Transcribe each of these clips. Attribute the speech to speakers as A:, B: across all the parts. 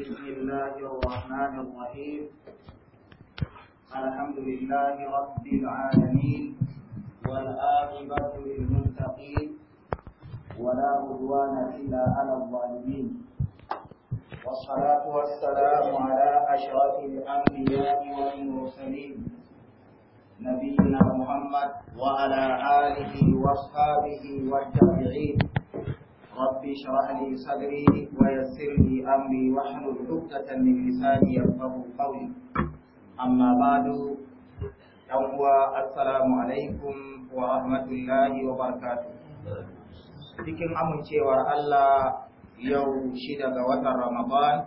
A: بسم الله الرحمن الرحيم
B: الحمد لله رب العالمين والآخرة للمتقين ولا عدوان إلا على الظالمين والصلاة
A: والسلام على أشرف الأنبياء والمرسلين نبينا محمد وعلى آله وأصحابه والتابعين Rabbi syarah li waya sirri yassir li amri wa hlul 'uqdatan min lisani yafqahu qawli. Amma ba'du. Tawwa assalamu alaikum wa rahmatullahi wa barakatuh. Cikin amun Allah yau shi daga watan Ramadan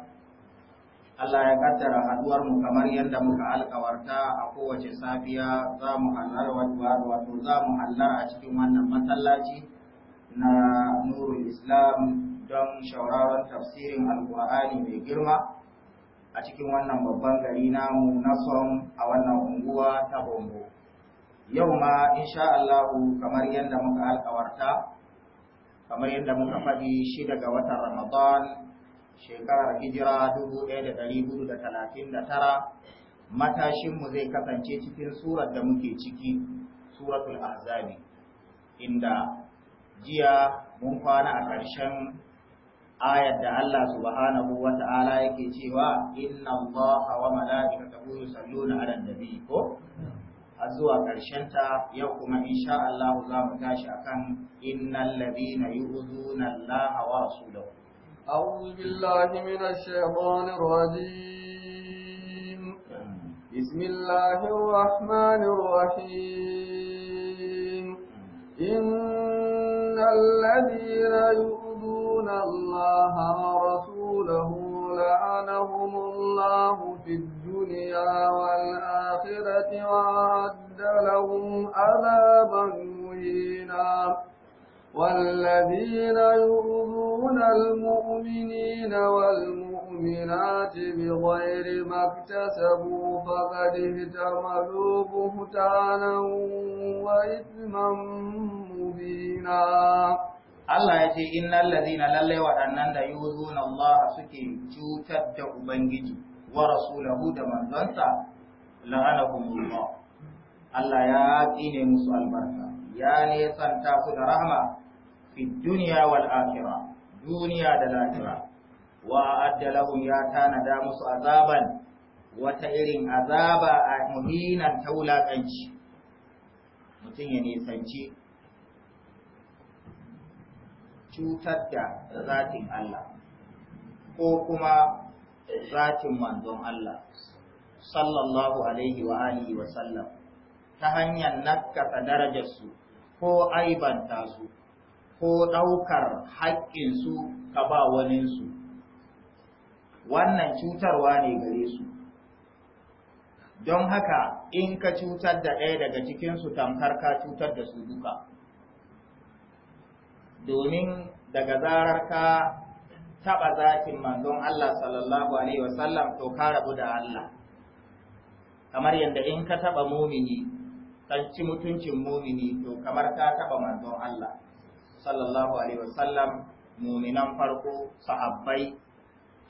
A: Allah ya kaddara haduwar mu kamar yadda muka alkawarta a kowace safiya za mu hallara wato za mu hallara a cikin wannan masallaci na nurul islam don shawararren tafsirin alkur'ani mai girma a cikin wannan babban gari namu na son a wannan unguwa ta bombo yau ma insha Allahu kamar yadda muka alkawarta kamar yadda muka faɗi shi daga watan ramadan shekarar hijira 1439 matashinmu zai kasance cikin surar da muke ciki suratul azabi inda jiya mun kwana a ƙarshen ayar da Allah subhanahu wa ta'ala yake cewa inna Allaha wa na yusalluna da nabi ko a zuwa ƙarshen ta yau kuma insha Allah za mu tashi akan innal ladina yu'zuna Allah wa rasulahu
B: أعوذ بالله من الشيطان الرجيم بسم الله الرحمن الذين يؤذون الله ورسوله لعنهم الله في الدنيا والآخرة وأعد لهم عذابا مهينا والذين يؤذون المؤمنين والمؤمنين المؤمنات بغير ما اكتسبوا فقد اهتملوا بهتانا وإثما مبينا
A: Allah ya ce innal ladina lallai waɗannan da yuzuna Allah suke cutar da Ubangiji wa rasulahu da manzonsa la'anahumullah Allah ya tsine musu albarka ya ne santa su da rahma fi duniya wal akhirah duniya da lahira wa a'adda lahum ya tanada musu azaban wata irin azaba a muhinan ta wulaƙanci mutum ya nisanci cutar da zatin Allah ko kuma zatin manzon Allah sallallahu alaihi wa alihi wa sallam ta hanyar nakasa darajarsu ko aibanta su ko ɗaukar haƙƙinsu ka ba waninsu wannan cutarwa ne gare su don haka in ka cutar da ɗaya daga cikinsu tamkar ka cutar da su duka domin daga zarar ka taɓa zakin manzon Allah sallallahu Alaihi wasallam to ka rabu da Allah kamar yadda in ka taɓa mumini kan ci mutuncin mumini to kamar ka taɓa manzon Allah sallallahu Alaihi wasallam muminan farko sahabbai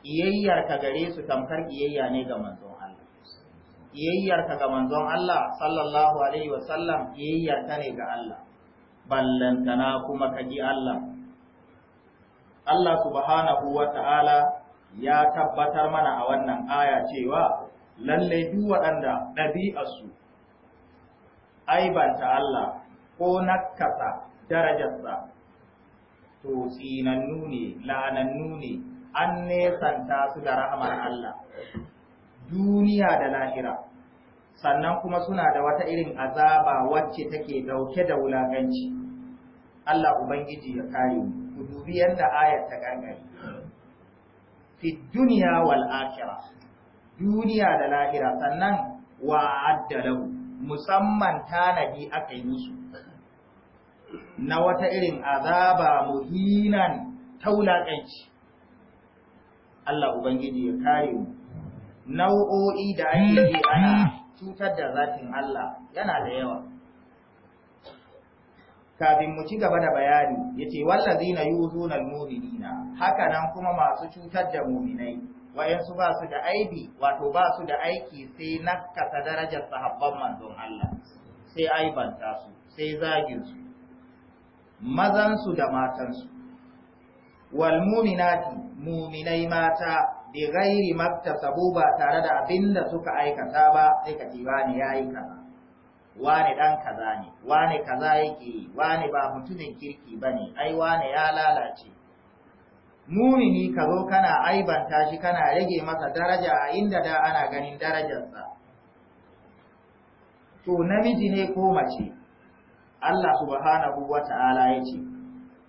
A: ƙiyayyarka ka gare su tamkar iyayya ne ga manzon Allah ga manzon Allah sallallahu alaihi wa sallam ne ga Allah ballantana kuma ka ji Allah Allah subhanahu wa ta'ala ya tabbatar mana a wannan aya cewa lallai duk waɗanda ɗabi'arsu aibanta Allah ko nakasa darajarsa to tsinannu ne la'anannu ne an nesanta su da rahamar Allah duniya da lahira sannan kuma suna da wata irin azaba wacce take dauke da wulaganci Allah ubangiji ya kare ku dubi yanda ayar ta gangare fi duniya wal akhira duniya da lahira sannan wa addalahu musamman tanadi aka yi musu na wata irin azaba muhinan ta wulakanci Allah Ubangiji ya kare mu. Nau'o'i da ake yi ana cutar da zatin Allah yana da yawa. Kafin mu ci gaba da bayani, yace, ce, Wallazi na na muminina, haka nan kuma masu cutar da muminai, wayansu ba su da aibi, wato ba su da aiki sai na kasa darajar sahabban manzon Allah, sai aibanta su, sai zagin su, mazansu da matansu. wal mu'minai mata bi ghairi maktasabu ba tare da abinda suka aikata ba sai ji ne yayi kaza wane dan kaza ne wane kaza yake wane ba mutumin kirki bane ai wane ya lalace mumini ka zo kana aibanta tashi kana rage masa daraja a inda da ana ganin darajarsa to namiji ne ko mace Allah subhanahu wata'ala ya ce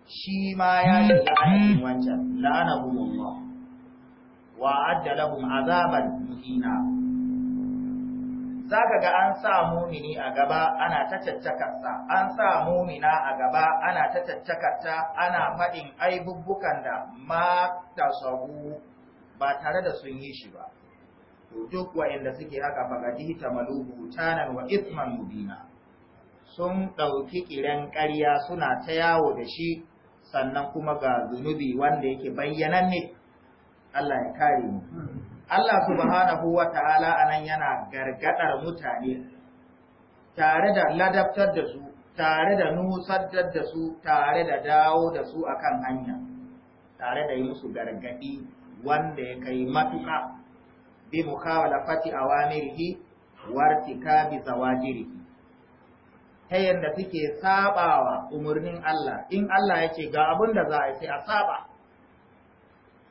A: shi ma ya shiga aikin wancan la'anahumullah wa adda lahum azaban muhina zaka ga an sa mumini a gaba ana ta tattakarsa an sa mumina a gaba ana ta tattakarta ana faɗin aibubbukan da ma sabu ba tare da sun yi shi ba to duk wa'anda suke haka bagadi ta malubu tanan wa isman mubina sun ɗauki kiran ƙarya suna ta yawo da shi sannan kuma ga zunubi wanda yake bayyananne Allah ya kare mu Allah subhanahu wa ta'ala nan yana gargadar mutane tare da ladabtar da su tare da nusaddar da su tare da dawo da su akan hanya tare da yi musu gargadi wanda ya kai matuƙa bi mukawalafati awamirihi wartikabi zawajirihi ta yadda suke sabawa umarnin Allah in Allah yake ga abin da za a yi sai a saba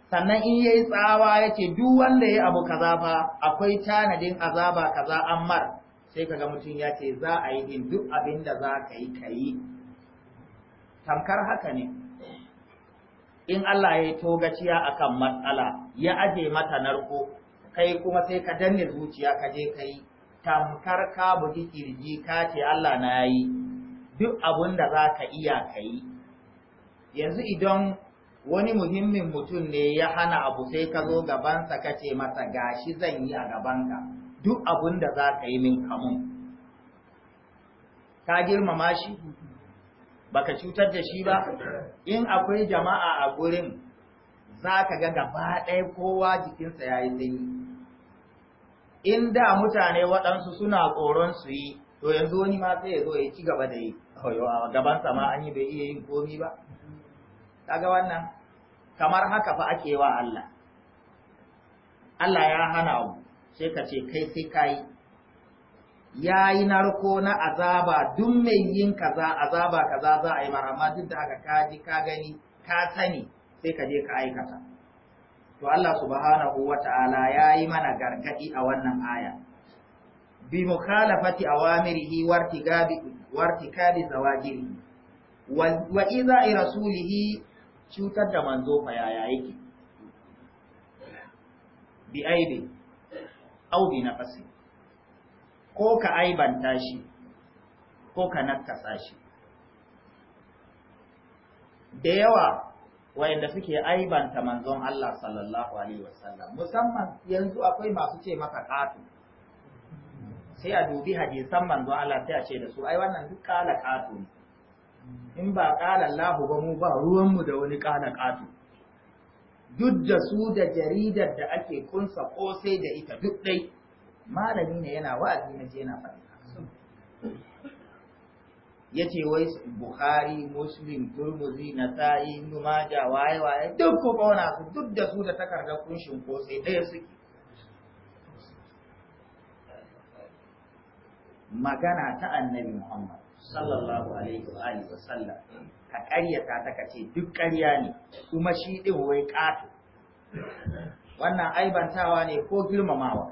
A: sannan in yayi tsawa yake duk wanda yayi abu kaza fa akwai tanadin azaba kaza ammar sai kaga mutum ya ce za a yi din duk abin da za ka yi ka tamkar haka ne in Allah ya yi togaciya akan matsala ya aje mata narko kai kuma sai ka danne zuciya ka je ka tamkar ka bugi kirji ka ce Allah na yi duk abun da za ka iya ka yi yanzu idan wani muhimmin mutum ne ya hana abu sai ka zo gabansa ka ce masa gashi zan yi a gabanka duk abun da za ka yi min kamun ka girmama shi baka cutar da shi ba in akwai jama'a a gurin za ka ga gaba ɗaya kowa jikinsa ya yi sanyi in da mutane waɗansu suna tsoron su yi to yanzu wani ma sai ya zo ya ci gaba da yi gaban sama an yi bai iya yin komi ba kaga wannan kamar haka fa ake wa Allah Allah ya hana mu sai ka ce kai sai kai yi narko na azaba duk mai yin kaza azaba kaza za a yi amma duk da haka ka ji ka gani ka sani sai ka je ka aikata to Allah subhanahu wata'ala yayi mana gargadi a wannan aya bi mukhalafati awamirihi wartigabi wartikabi zawajiri wa idza rasulihi cutar da manzo fa yaya yake bi aibe, au bi fasi, ko ka aibanta shi ko ka nakasa shi da yawa wayanda suke aibanta manzon Allah sallallahu alaihi wasallam musamman yanzu akwai masu ce maka katu sai a dubi hadisan manzon Allah sai a ce da su ai wannan duk kala katu ne in ba kala Allah ba mu ba ruwan mu da wani kala katu duk da su da jaridar da ake kunsa sai da ita duk dai malami ne yana wa'azi na je na faɗi yace wai bukhari muslim turmuzi na ibn majah waye waye duk ko su duk da su da takardar kunshin ko sai ɗaya suke magana ta annabi muhammad sallallahu alaihi wa alihi wasallam ka ƙaryata ta kace duk ƙarya ne kuma shi din wai ƙato wannan aibantawa ne ko girmamawa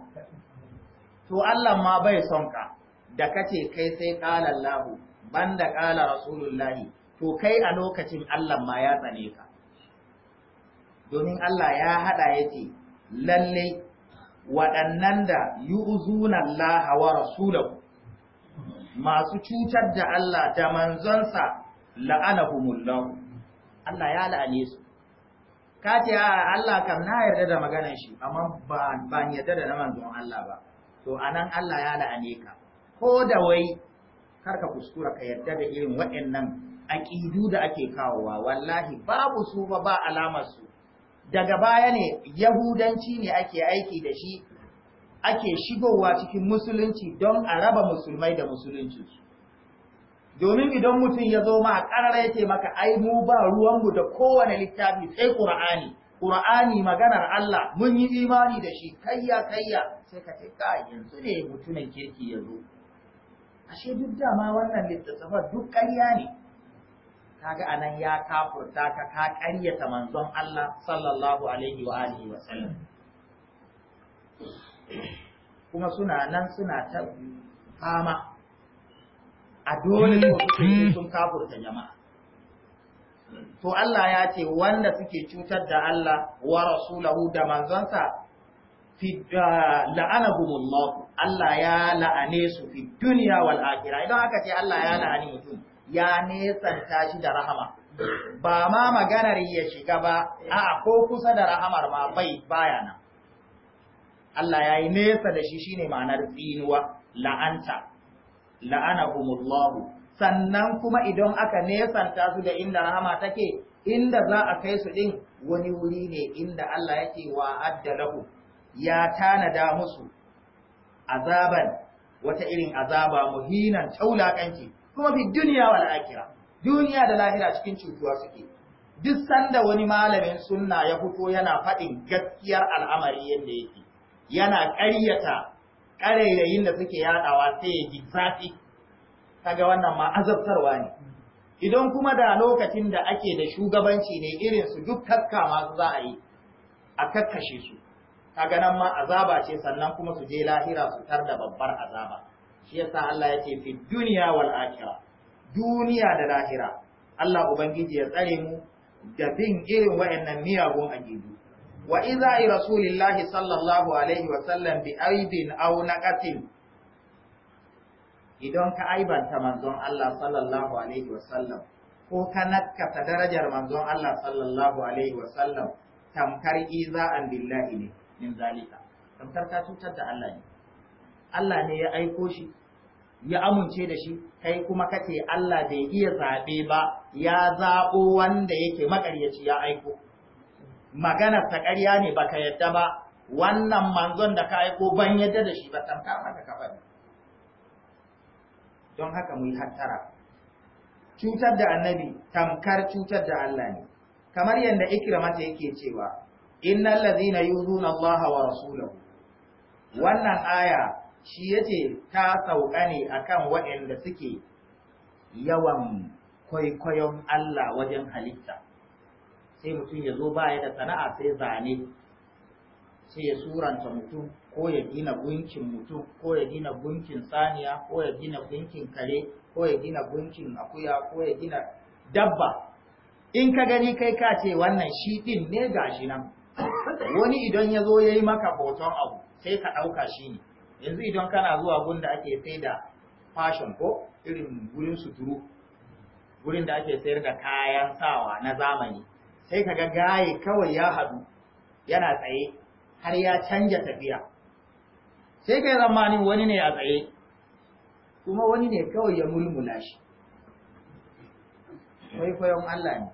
A: to Allah ma bai son ka da kace kai sai qala banda ƙala rasulullahi to kai a lokacin Allah ma ya tsane ka domin Allah ya haɗa ya ce lalle waɗannan da yu'zuna Allah wa rasulahu masu cutar da Allah da manzonsa la'anahumullahu Allah ya la'ane su ka Allah kam na yarda da maganar shi amma ba ban yarda da na manzon Allah ba to anan Allah ya la'ane ka ko da wai kar ka kuskura ka yarda da irin waɗannan aƙidu da ake kawowa wallahi babu su ba ba alamar su daga baya ne yahudanci ne ake aiki da shi ake shigowa cikin musulunci don a raba musulmai da musulunci domin idan mutum ya zo ma a ƙarar yake maka ai mu ba ruwanmu da kowane littafi sai ƙur'ani Ƙur'ani maganar Allah mun yi imani da shi kayya kayya sai ka ce yanzu ne mutumin kirki ya zo ashe duk dama wannan littattafa duk ƙarya ne kaga anan ya kafurta ka ka ƙaryata manzon Allah sallallahu alaihi wa alihi wa sallam kuma suna nan suna ta fama a dole ne su sun kafurta jama'a to Allah ya ce wanda suke cutar da Allah wa rasulahu da manzonsa fi ah, la'anahumullahu Allah ya la'ane su fi duniya wal akhirah idan aka ce Allah ya la'ani mutum ya nesanta shi da rahama ba ma maganar ya shiga ba a ko kusa da rahamar ma bai baya nan Allah ya yi nesa da shi shine ma'anar tsinuwa la'anta la'anahumullahu sannan kuma idan aka nesanta su da inda rahama take inda za a kai su din, wani wuri ne inda Allah yake wahadda lahu ya tanada musu azaban wata irin azaba muhinan taulakanci kuma fi duniya wal akhirah duniya da lahira cikin cutuwa suke duk sanda wani malamin sunna ya fito yana faɗin gaskiyar al'amari yadda yake yana ƙaryata ƙarairayin da suke yaɗawa sai ya ji zafi kaga wannan ma azabtarwa ne idan kuma da lokacin da ake da shugabanci ne irin su duk kakkama za a yi a kakkashe su kaga nan ma azaba ce sannan kuma su je lahira su tar da babbar azaba shi yasa Allah yake fi duniya wal akhirah duniya da lahira Allah ubangiji ya tsare mu da bin irin wayannan miyagun ajibu wa idza rasulillahi sallallahu alaihi wa sallam bi aibin aw naqatin idan ka aibanta manzon Allah sallallahu alaihi wa sallam ko ka nakata darajar manzon Allah sallallahu alaihi wa sallam tamkar iza'an billahi ne min zalika tamkar ka cutar da Allah ne Allah ne ya aiko shi ya amince da shi kai kuma kace Allah bai iya zabe ba ya zabo wanda yake makaryaci ya aiko maganar ta ƙarya ne baka yadda ba wannan manzon da ka aiko ban yadda da shi ba tamkar haka kafa don haka mu yi hattara cutar da annabi tamkar cutar da Allah ne kamar yadda ikrama ta yake cewa innal ladhina yuzuna Allah wa rasulahu wannan aya shi yace ta sauka ne akan waɗanda suke yawan kwaikwayon Allah wajen halitta sai mutum ya zo baya da sana'a sai zane sai ya suranta mutum ko ya gina gunkin mutum ko ya gina gunkin saniya ko ya gina gunkin kare ko ya gina gunkin akuya ko ya gina dabba in ka gani kai ka ce wannan shi din ne gashi nan wani idan ya zo ya yi maka hoton abu sai ka ɗauka shi ne yanzu idan kana zuwa gun da ake sai da fashion ko irin gurin suturu gurin da ake sayar da kayan sawa na zamani sai ka ga gaye kawai ya haɗu yana tsaye har ya canja tafiya sai ka yi zamanin wani ne a tsaye kuma wani ne kawai ya mulmula shi kwaikwayon Allah ne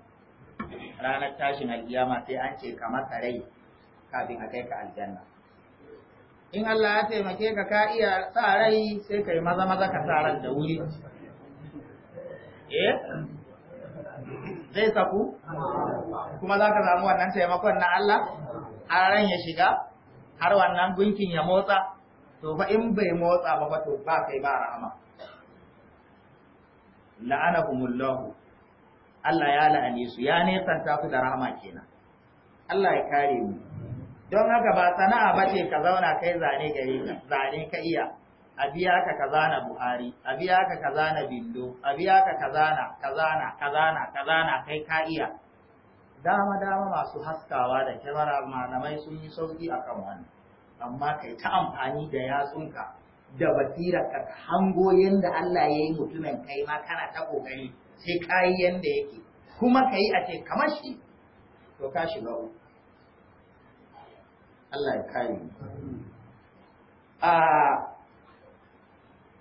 A: ranar tashin alkiyama sai an ce kamar rai kafin a kai ka aljanna in Allah ya taimake ka ka iya sa rai sai kai maza maza ka sa ran da wuri eh zai saku kuma za ka samu wannan taimakon na Allah har ran ya shiga har wannan gunkin ya motsa to fa in bai motsa ba ba to ba kai ba rahama la'anakumullahu Allah ya la'ane su ya nesanta su da rahama kenan Allah ya kare mu don haka ba sana'a ba ce ka zauna kai zane gare ka zane ka iya a biya ka ka zana buhari a biya ka ka zana bindo a biya ka ka zana ka zana ka zana ka zana kai ka iya dama dama masu haskawa da kyamara malamai sun yi sauki kan wannan amma kai ta amfani da yatsunka da basirar ka hango yadda Allah ya yi mutumin kai ma kana ta kokari sai ka yi yadda yake kuma ka yi a ce kamar shi to ka shiga uku Allah ya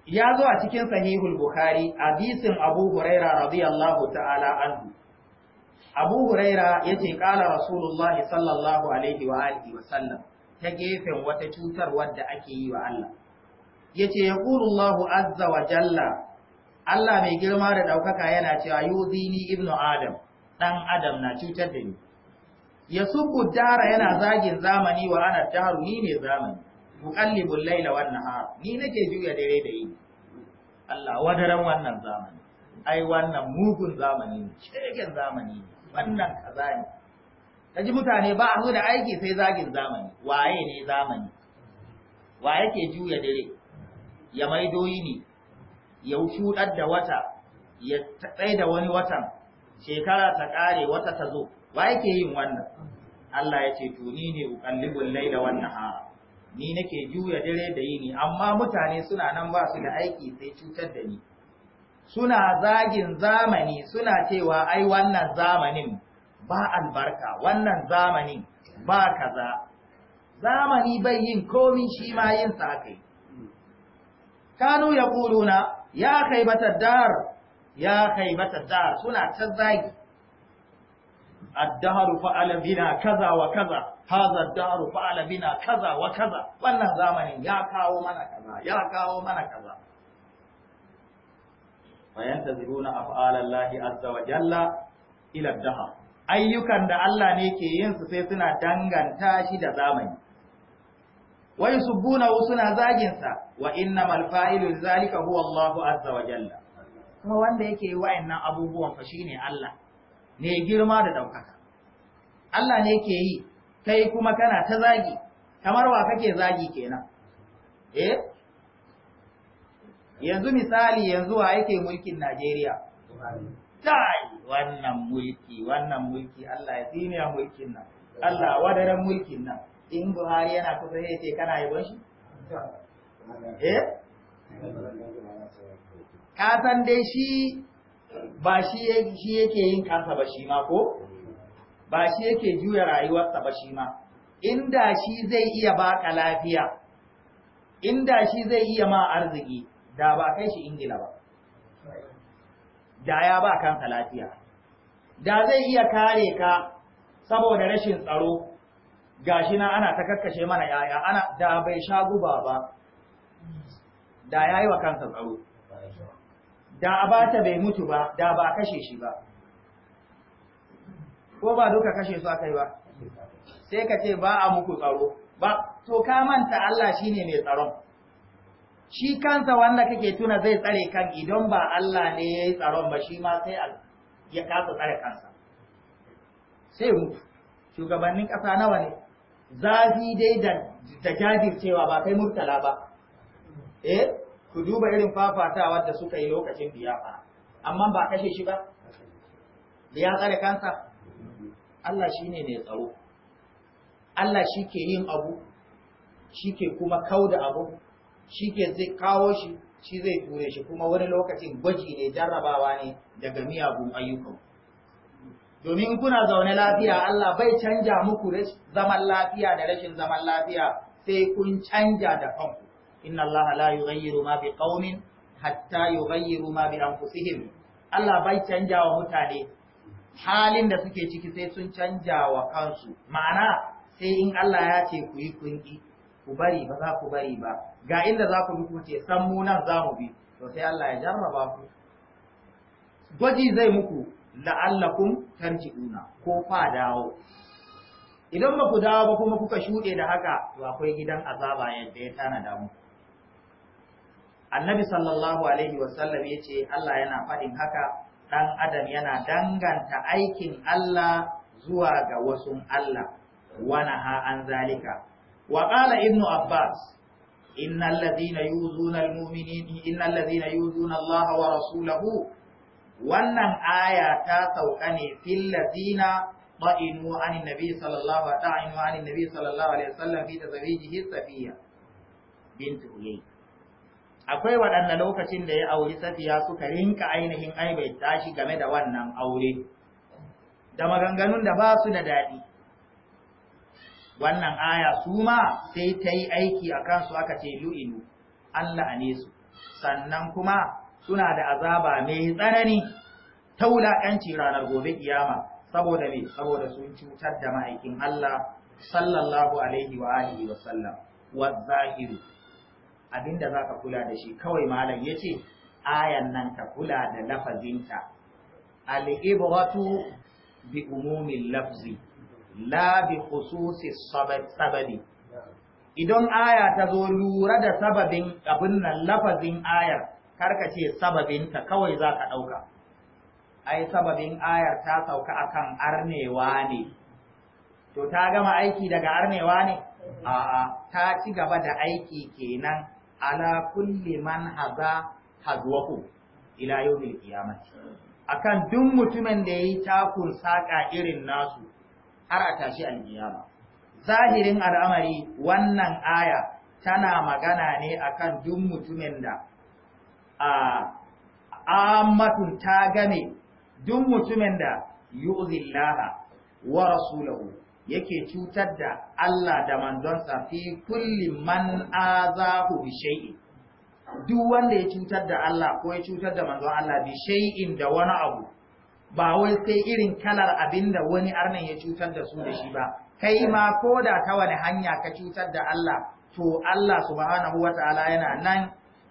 A: ya zo a cikin sahihul bukhari hadisin abu huraira radiyallahu ta'ala anhu abu huraira yace ƙara rasulullah sallallahu alaihi wa alihi wa sallam ta gefen wata cutar wadda ake yi wa Allah yace yaqulullahu azza wa jalla Allah mai girma da ɗaukaka yana cewa zini, ibnu adam ɗan adam na cutar da ni ya suku dara yana zagin zamani wa ana daru ni ne zamani muqallibul laila wan nahar ni nake juya dare da yini Allah wadaran wannan zamani ai wannan mugun zamani ne shegen zamani ne wannan kaza ne kaji mutane ba su da aiki sai zagin zamani waye ne zamani wa yake juya dare ya maido ne. ya shudar da wata ya tsaye da wani watan shekara ta kare wata ta zo wa yake yin wannan Allah ya ce to ni ne ukallibul laila wan nahar ni nake juya dare da yini amma mutane suna nan ba su da aiki sai cutar da ni suna zagin zamani suna cewa ai wannan zamanin ba albarka wannan zamanin ba kaza zamani bai yin komi shi ma yin sa kai kanu yaquluna ya khaybatad dar ya khaybatad dar suna ta zagi الدهر فعل بنا كذا وكذا هذا الدهر فعل بنا كذا وكذا wannan zamanin ya kawo mana kaza ya kawo mana kaza fayantaziruna af'alallahi azza wa jalla ila dahar ayyukan da Allah ne ke yin su sai suna danganta shi da zamani wai subbuna suna zagin sa wa innamal fa'ilu zalika huwa Allahu azza wa jalla kuma wanda yake yi wa'annan abubuwan fa shine Allah mai girma da ɗaukaka. Allah ne ke yi, kai kuma kana ta zagi, kamar wa kake zagi kenan. Eh? Yanzu misali yanzu wa yake mulkin Najeriya. Tai, wannan mulki, wannan mulki, Allah ya tsiniya mulkin nan, Allah wadaren mulkin nan, in Buhari yana kusa sai ce kana yi shi? Eh? Ka san dai shi ba shi yake yin kansa ba shi ma ko ba shi yake juya rayuwarsa ba shi ma inda shi zai iya baka lafiya inda shi zai iya ma arziki da ba kai shi ingila ba da ya ba kansa lafiya da zai iya kare ka saboda rashin tsaro gashi na ana ta kakkashe mana yaya ana da bai sha guba ba da yayi wa kansa tsaro da abata bai mutu ba da ba kashe shi ba ko ba duka kashe su akai ba sai ka ce ba a muku tsaro ba to ka manta Allah shi ne mai tsaron shi kansa wanda kake tuna zai tsare kan idan ba Allah ne ya yi tsaron ba shi ma sai ya kasa tsare kansa sai mutu shugabannin ƙasa nawa ne zafi dai da jajircewa ba kai murtala ba eh ku duba irin fafatawa da suka yi lokacin liyafa amma ba kashe shi ba da ya tsare kansa Allah shi ne mai tsaro Allah shi ke yin abu shi ke kuma kauda abu shi ke zai kawo shi shi zai ture shi kuma wani lokacin gwaji ne jarrabawa ne daga miyagun ayyukan domin kuna zaune lafiya Allah bai canja muku zaman lafiya da rashin zaman lafiya sai kun canja da kanku inna Allah لا يغير ma biqaumin hatta yughayyiru ma bi Allah bai canja wa mutane halin da suke ciki sai sun canja wa kansu ma'ana sai in Allah ya ce ku yi ku bari ba za ku bari ba ga inda za ku bi ku ce san mu nan za mu bi to sai Allah ya jarraba ku gwaji zai muku la'allakum tarji'una ko fa dawo idan ba ku dawo ba kuma kuka shuɗe da haka to akwai gidan azaba yadda ya tanada muku annabi sallallahu alaihi wasallam ya ce Allah yana faɗin haka ɗan adam yana danganta aikin Allah zuwa ga wasu Allah wana ha an zalika wa qala ibnu abbas Inna ladhina yuzuna almu'minina innal Allah wa rasulahu wannan aya ta sauka ne fil ladhina ta'inu an nabi sallallahu ta'inu an nabi sallallahu alaihi wasallam fi tazwijihi safiya bint uyay akwai waɗanda lokacin da ya auri safiya suka rinka ainihin aibai tashi game da wannan aure da maganganun da ba su da daɗi wannan aya su ma sai ta yi aiki a kansu aka ce lu'ilu an la'ane su sannan kuma suna da azaba mai tsanani ta wulaƙanci ranar gobe kiyama saboda me saboda sun cutar da ma'aikin Allah sallallahu alaihi wa wa sallam wa zahiru abinda za ka kula da shi kawai malam ya ce ayan nan ka kula da lafazinta al'ibratu bi umumin lafzi la bi khususi sababi idan aya ta zo lura da sababin abin nan lafazin ayar karka ce sababinta kawai za ka ɗauka ai sababin ayar ta sauka akan arnewa ne to ta gama aiki daga arnewa ne a'a ta ci gaba da aiki kenan ala kulli man haza hazwahu ila yawmil qiyamah akan duk mutumin da yayi takun saka irin nasu har a tashi alqiyama zahirin al'amari wannan aya tana magana ne akan duk mutumin da a ammatun ta game duk mutumin da yu'zillaha wa rasulahu yake cutar da Allah da manzonsa fi kulli man azahu bi shay'i duk wanda ya cutar da Allah ko ya cutar da manzon Allah bi shay'in da wani abu ba wai sai irin kalar abinda wani arnan ya cutar da su da shi ba kai ma ko da ta wani hanya ka cutar da Allah to Allah subhanahu wataala yana nan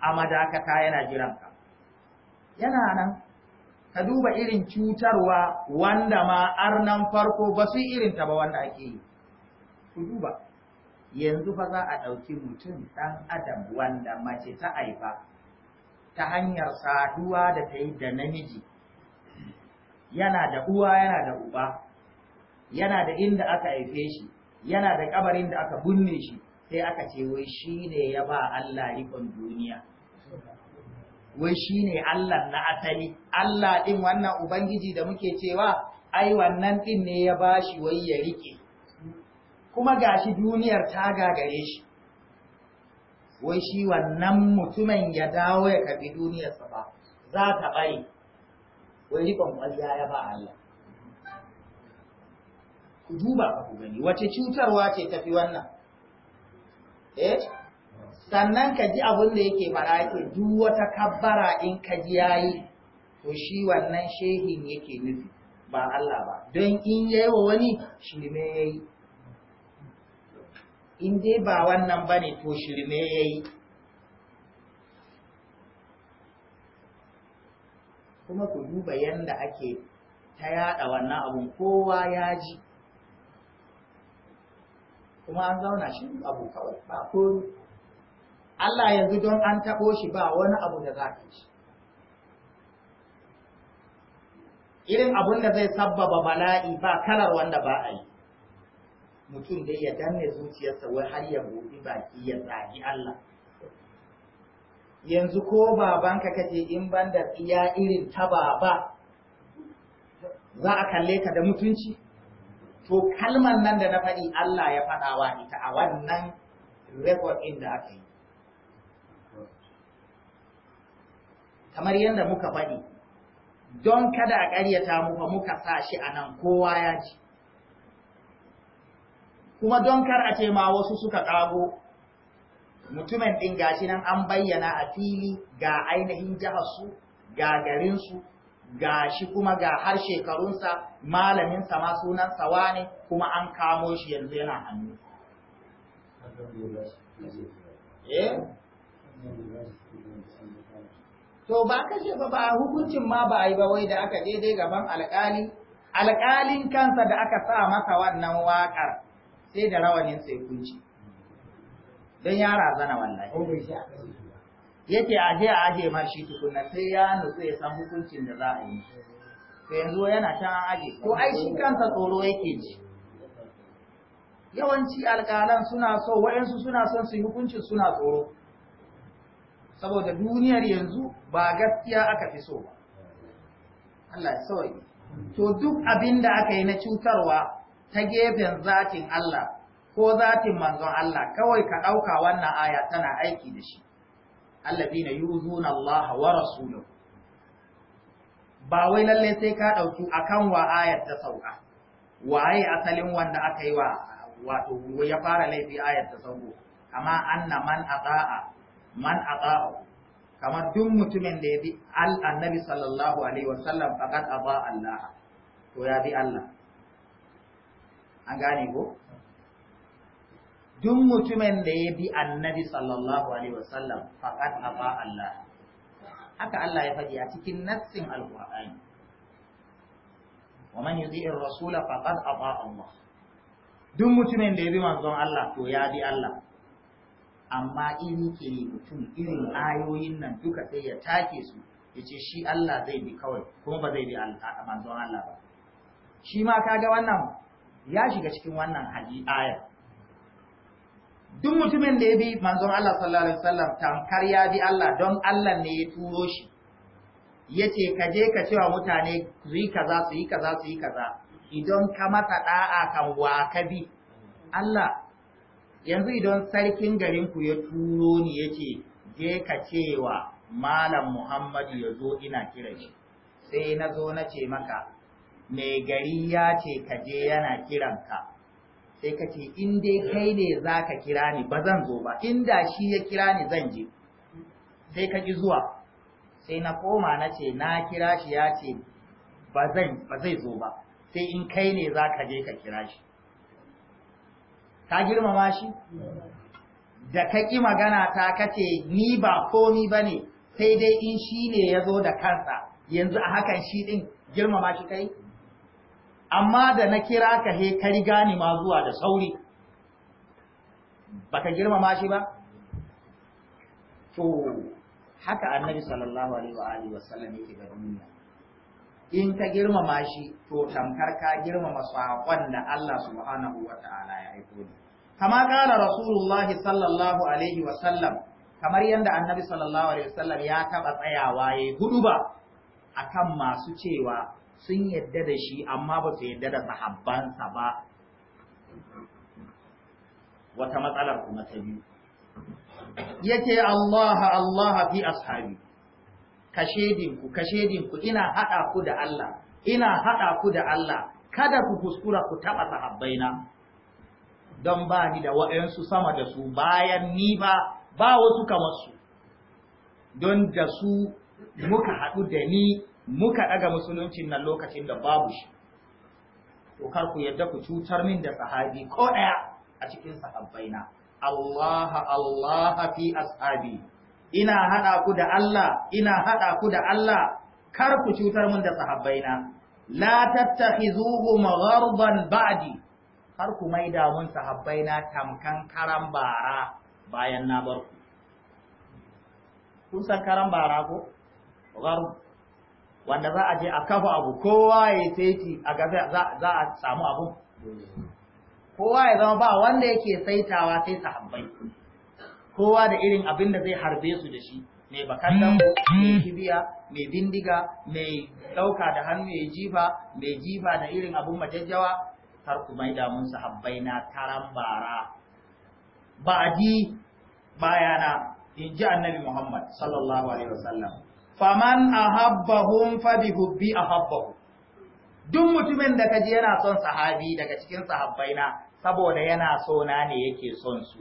A: a madakata yana jiran ka? yana nan ka duba irin cutarwa wanda ma nan farko ba su irin ta ba wanda ake yi ku duba yanzu fa za a ɗauki mutum ɗan adam wanda mace ta haifa ta hanyar saduwa da ta yi da namiji yana da uwa yana da uba yana da inda aka haife shi yana da kabarin da aka binne shi sai aka ce wai shi ne ya ba Allah rikon duniya wai shi ne Allah na asali Allah ɗin wannan ubangiji da muke cewa ai wannan ɗin ne ya bashi wai ya rike kuma gashi duniyar ta gagare shi wai shi wannan mutumin ya dawo ya kafi duniyarsa ba za ta bari wai rikon ƙwarya ya ba Allah ku duba ku gani wace cutarwa ce tafi wannan eh sannan ka ji abin da yake fara yake duk wata kabbara in ka ji yayi to shi wannan shehin yake nufi ba Allah ba don in yayi wa wani shirme yayi in dai ba wannan bane to shirme yayi kuma ku duba yanda ake ta yada wannan abun kowa ya ji kuma an zauna shi abu kawai ba Allah yanzu don an taɓo shi ba wani abu da za ka ci irin abun da zai sabbaba bala'i ba kalar wanda ba a yi mutum dai ya danne zuciyarsa wai har ya buɗi baki ya tsaki Allah yanzu ko babanka kaje in ban da iya irin ta baba za a kalle ka da mutunci to kalmar nan da na faɗi Allah ya faɗawa ita a wannan rekod ɗin da aka yi kamar yadda muka faɗi don kada a ƙaryata mu fa muka sa shi a nan kowa ya ji kuma don kar a ce ma wasu suka ƙago mutumin ɗin gashi nan an bayyana a fili ga ainihin jiharsu ga garinsu ga shi kuma ga har shekarunsa malaminsa ma sunansa wane kuma an kamo shi yanzu yana hannu. to ba kashe ba ba hukuncin ma ba yi ba wai da aka je dai gaban alƙali alƙalin kansa da aka sa masa wannan waƙar sai da rawanin sai kunci don ya razana wallahi yake aje a aje ma shi tukunna sai ya nutsu ya san hukuncin da za a yi to yanzu yana can an aje to ai shi kansa tsoro yake ji yawanci alƙalan suna so wa'ansu suna son su yi hukuncin suna tsoro saboda duniyar yanzu ba gaskiya aka fi so ba Allah ya sauraki to duk abin da aka yi na cutarwa ta gefen zatin Allah ko zatin manzon Allah kawai ka ɗauka wannan aya tana aiki da shi na yuzuna Allah wa rasuluhu ba wai lalle sai ka ɗauki akan wa ayar ta sauka waye asalin wanda aka yi wa wato ya fara laifi ayar ta sauko amma anna man ata'a man ata'ahu kamar duk mutumin da ya bi annabi sallallahu alaihi wa sallam faqad aba Allah to ya bi Allah an gane ko duk mutumin da ya bi annabi sallallahu alaihi wa sallam faqad aba Allah haka Allah ya faɗi a cikin nassin alqur'ani wa man yuti'ir rasula faqad aba Allah duk mutumin da ya bi manzon Allah to ya bi Allah amma iri-iri mutum irin ayoyin nan duka sai ya take su ya ce shi Allah zai bi kawai kuma ba zai bi manzon Allah ba shi ma kaga wannan ya shiga cikin wannan haji ayar duk mutumin da ya bi manzon Allah sallallahu alaihi wasallam tamkar ya bi Allah don Allah ne ya turo shi ya ce ka je ka cewa mutane su yi kaza su yi kaza su yi kaza idan ka mata da'a kan wa ka bi Allah yanzu idan sarkin garinku ya turo ni ya ce je ka cewa malam muhammadu ya zo ina kiran shi sai na zo na ce maka mai gari ya ce ka je yana kiranka sai ka ce in dai kai ne za ka kira ni ba zan zo ba inda shi ya kira ni zan je sai ka ki zuwa sai na koma na ce na kira shi ya ce ba zai zo ba sai in kai ne za ka je ka kira shi Ta girmama shi da ka ƙi magana ta kace ni ba komi ba ne sai dai in shi ne ya zo da kansa yanzu a hakan shi ɗin girmama shi kai amma da na kira ka he ka riga ni ma zuwa da sauri baka girmama shi ba to haka annabi sallallahu alaihi wa alihi wasallam yake ga duniya in ka girmama shi to tamkar ka girmama saƙon da Allah subhanahu wa ta'ala ya aiko ni kama kala rasulullah sallallahu alaihi wa sallam kamar yanda annabi sallallahu alaihi wa sallam ya taba tsayawa yayi huduba akan masu cewa sun yadda da shi amma ba su yadda da sahabbansa ba wata matsalar kuma ta biyu yake Allah Allah fi ashabi kashedinku ku ina haɗa ku da Allah ina haɗa ku da Allah kada ku kuskura ku taɓa sahabbaina don ba ni da waɗansu sama da su bayan ni ba ba wasu kamar don da su muka haɗu da ni muka ɗaga musuluncin nan lokacin da babu shi to kar ku yadda ku cutar min da sahabi ko ɗaya a cikin sahabbaina Allah Allah fi ashabi ina haɗa ku da Allah ina haɗa ku da Allah kar ku cutar mun da sahabbaina la tattakhizuhum magharban ba'di kar ku maida mun sahabbaina tamkan karan bara bayan na bar ku kun san karan bara ko Gharu. wanda za a je a kafa abu kowa ya saiti a gafe za a samu abu kowa ya zama ba wanda yake saitawa sai sahabbai kowa da irin abin da zai harbe su da shi mai bakan mm, mai mm. kibiya mai bindiga mai ɗauka da hannu ya jifa mai jifa da irin abin majajjawa kar ku mai damun sahabbai na karan bara ba ji bayana in ji annabi muhammad sallallahu alaihi wasallam faman ahabbahum fa a ahabbahu duk mutumin da kaji yana son sahabi daga cikin sahabbai na saboda yana so na ne yake son su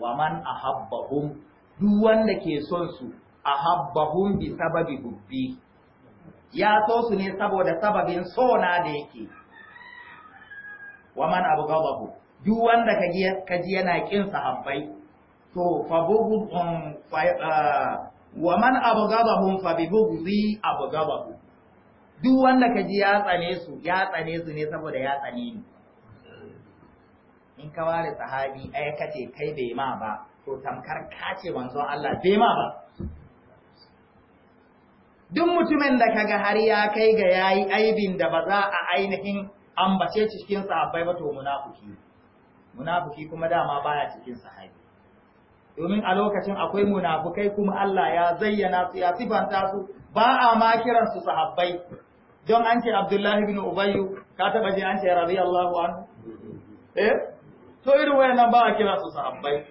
A: wa man ahabbahum duk wanda ke son su ahabbahum bi sababi hubbi ya so su ne saboda sababin sona da yake wa man abghadahu duk wanda kaji yana kin sahabbai to fa bughum um, uh, wa man abghadahum fa bi bughdi abghadahu duk wanda kaji ya tsane su ya tsane su ne saboda ya tsane ni in ka ware sahabi ɗaya kace kai bai ma ba to tamkar kace manzon Allah bai ma ba duk mutumin da kaga har ya kai ga yayi aibin da ba za a ainihin ambace cikin sahabbai ba to munafiki munafiki kuma dama baya cikin sahabi domin a lokacin akwai munafukai kuma Allah ya zayyana su ya sifanta su ba a ma kiran su sahabbai don an ce Abdullahi bin Ubayyu ka taba ji an ce radiyallahu anhu eh to irin nan ba a kira su sahabbai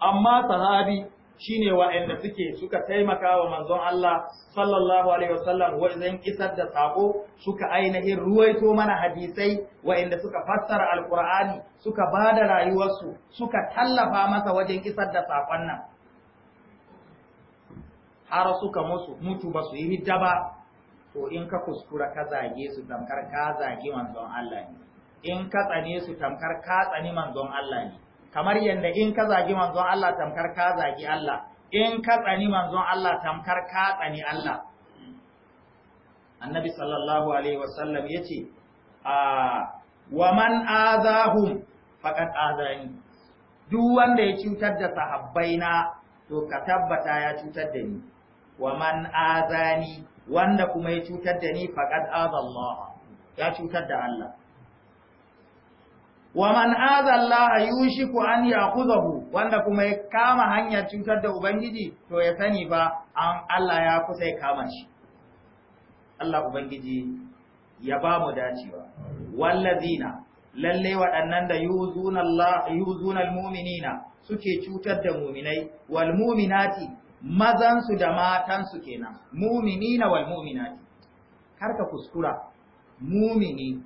A: amma sahabi shine wa'anda suke suka taimaka wa manzon Allah sallallahu alaihi wasallam wajen isar da sako suka ainihin ruwaito mana hadisai wa'anda suka fassara alqur'ani suka bada rayuwarsu suka tallafa masa wajen isar da sakon nan har suka musu mutu ba su yi hidda to in ka kuskura ka zage su tamkar ka zage manzon Allah ne in ka tsane su tamkar ka tsane manzon Allah ne kamar yadda in ka zagi manzon Allah tamkar ka zagi Allah in ka tsani manzon Allah tamkar ka tsani Allah annabi sallallahu alaihi wasallam yace a wa man azahum faqad azani duk wanda ya cutar da sahabbaina to ka tabbata ya cutar da ni wa man azani wanda kuma ya cutar da ni faqad azallahu ya cutar da Allah wa man azallaha yushiku an yaqudahu wanda kuma ya kama hanyar cutar da ubangiji to ya sani ba an Allah ya kusa ya kama shi Allah ubangiji ya ba mu dacewa wallazina lalle waɗannan da yuzuna Allah yuzuna almu'minina suke cutar da mu'minai wal mu'minati mazan su da matan su kenan mu'minina wal mu'minati karka kuskura mu'mini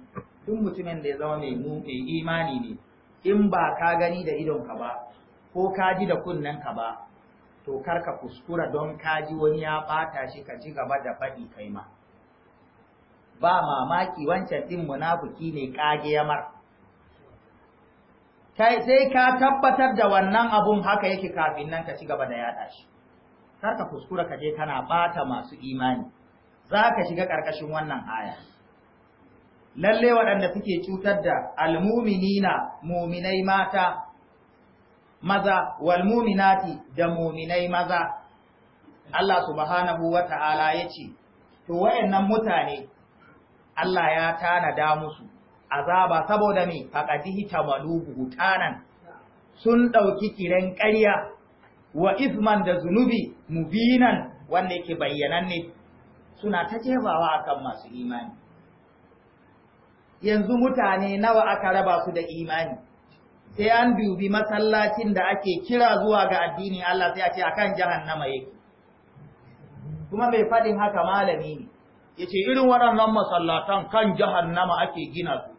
A: duk mutumin da ya zama mai imani ne in ba ka gani da idonka ba ko ka ji da ka ba to kar ka kuskura don ka ji wani ya bata shi ka ci gaba da faɗi kai ma ba mamaki wancan ɗin munafuki ne kage yamar kai sai ka tabbatar da wannan abun haka yake kafin nan ka ci gaba da yaɗa shi kar ka kuskura ka je kana bata masu imani za ka shiga ƙarƙashin wannan aya lalle waɗanda suke cutar da almuminina muminai mata maza walmuminati da muminai maza Allah subhanahu wa ta'ala ya ce to wayannan mutane Allah ya tanada musu azaba saboda me faqadihi tamalu butanan sun dauki kiran ƙarya wa isman da zunubi mubinan wanda yake bayyananne suna ta jefawa akan masu imani yanzu mutane nawa aka raba su da imani sai an dubi masallacin da ake kira zuwa ga addini Allah sai a ce akan jahannama yake kuma mai fadin haka malami ne yace irin waɗannan masallatan kan jahannama ake gina su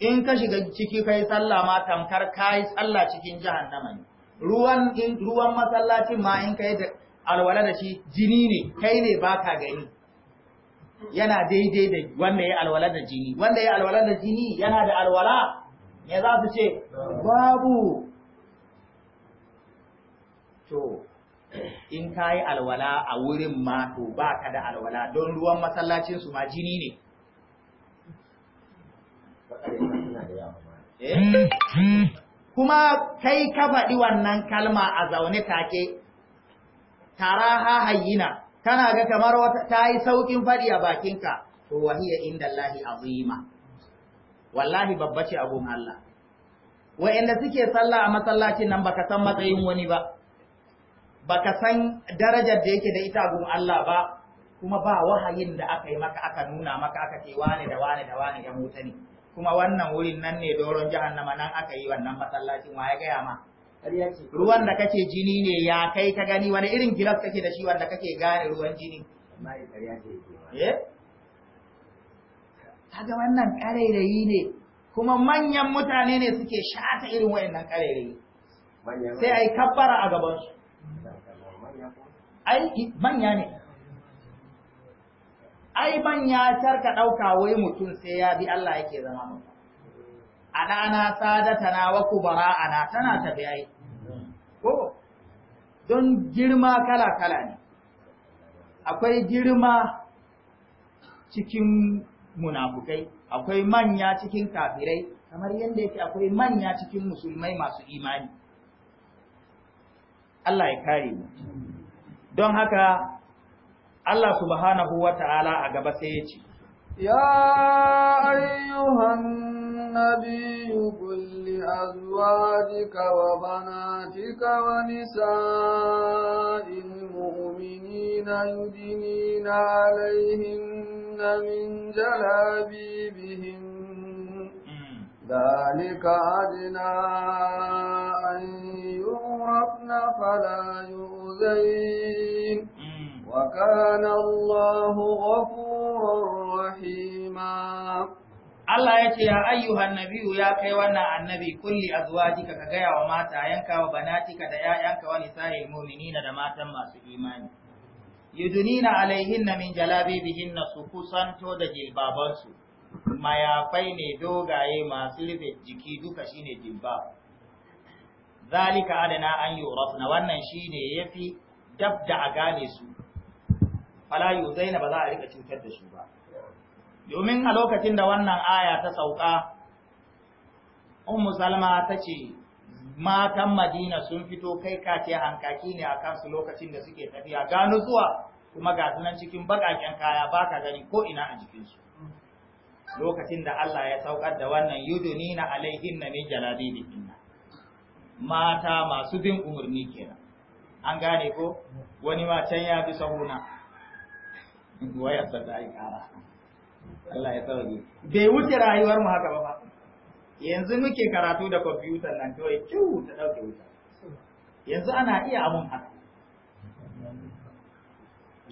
A: in ka shiga ciki kai sallah ma tamkar kai sallah cikin jahannama ne ruwan ruwan masallacin ma in kai da alwala da shi jini ne kai ne baka gani yana daidai da wanda ya alwala da jini wanda ya alwala da jini yana da alwala me za su ce
B: babu
A: to in ka yi alwala a wurin ma to ba ka da alwala don ruwan masallacin su ma jini ne eh? kuma kai ka faɗi wannan kalma a zaune take tara ha hayyina kana ga kamar wata ta yi saukin faɗi a bakinka to wahiya inda Allahi azima wallahi babba ce abun Allah wa'anda suke sallah a masallacin nan baka san matsayin wani ba baka san darajar da yake da ita abun Allah ba kuma ba wahayin da aka yi maka aka nuna maka aka ce wane da wane da wane ya mutane kuma wannan wurin nan ne doron jahannama nan aka yi wannan masallacin wa ya gaya ma ruwan da kake jini ne ya kai ka gani wani irin gilas kake da shi wanda kake gane ruwan jini eh? kaga wannan karairayi ne kuma manyan mutane ne suke shata irin wayannan karairayi sai ai kabbara a gaban su ai manya ne ai manya tarka dauka wai mutum sai ya bi Allah yake zama mutum anana sadatana wa kubara'ana tana ta ko don girma kala kala ne akwai girma cikin munafukai akwai manya cikin kafirai kamar yadda yake akwai manya cikin musulmai masu imani Allah ya kare mu don haka Allah subhanahu wa ta'ala a gaba sai ya ce
B: ya ayyuhan النبي قل لأزواجك وبناتك ونساء المؤمنين يدنين عليهن من جلابيبهن ذلك أدنى أن يغرقن فلا يؤذين وكان الله غفورا رحيما Allah ya ce ya ayyuhan nabiyu ya kai
A: wannan annabi kulli azwajika ka gaya wa mata, yanka wa banatika da ƴaƴanka wa nisa'il mu'minina da matan masu imani yudunina alaihinna min jalabibihinna su kusanto da babansu. mayafai ne dogaye masu rufe jiki duka shine jilba zalika adana an yurafna wannan shine yafi dab da a gane su fala yuzaina ba za a rika cutar da su ba domin a lokacin da wannan aya ta sauka ummu salma ta ce matan madina sun fito kai kace hankaki ne a kansu lokacin da suke tafiya gano zuwa kuma ga sunan cikin bakaken kaya ba ka gani ko ina a jikinsu lokacin da Allah ya saukar da wannan na na yudunina na da inna mata masu bin umarni kenan an gane ko wani ma can ya bi sahuna wayar da yi kara Allah ya tsare bai wuce rayuwar mu haka ba yanzu muke karatu da kwamfutar nan kawai kyau ta dauke wuta yanzu ana iya abun haka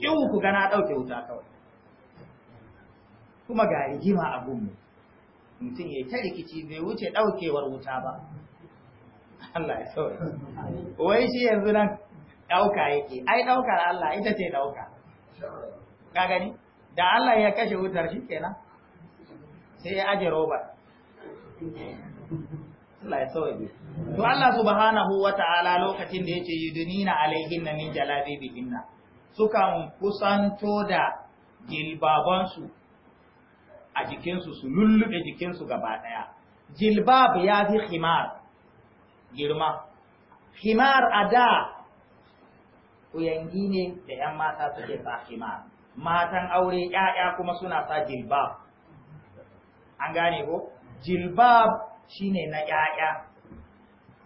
A: kyau ku gana ɗauke dauke wuta kawai kuma ga rigima a gunmu mutum ya ta rikici bai wuce daukewar wuta ba Allah ya saurari wai shi yanzu nan dauka yake ai daukar Allah ita ce dauka ka gani da Allah ya kashe wutar shi kenan sai ya aje robar Allah ya sauke to Allah subhanahu wata'ala lokacin da yudunina alaihin na min bihinna sukan kusanto da jilbabansu a jikinsu su lullube jikinsu gaba daya jilbab ya fi himar girma himar a da kuyangi ne da 'yan mata suke ba himar matan aure ‘ya'ya kuma suna sa jilbab an gane ko jilbab shine na ‘ya'ya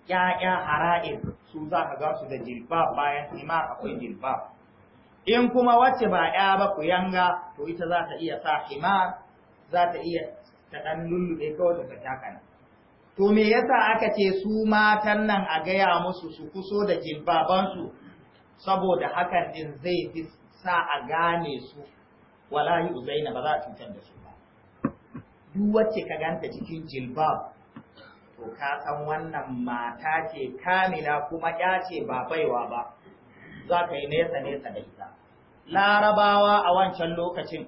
A: ‘ya'ya hara'in su za ka gansu da jilbab bayan imar akwai jilbab in kuma wacce ba ‘ya ba ku yanga to ita za ta iya sa himar za ta iya ta ɗan lullube kawai ta ne. to me yasa aka ce su matan nan a gaya musu su kuso da jilbabansu saboda hakan din zai fi sa a gane su wala yi uzaina ba za a cutar da su ba duk wacce ka ganta cikin jilbab to ka san wannan mata ce kamila kuma ya ce ba baiwa ba za ka yi nesa nesa da ita larabawa a wancan lokacin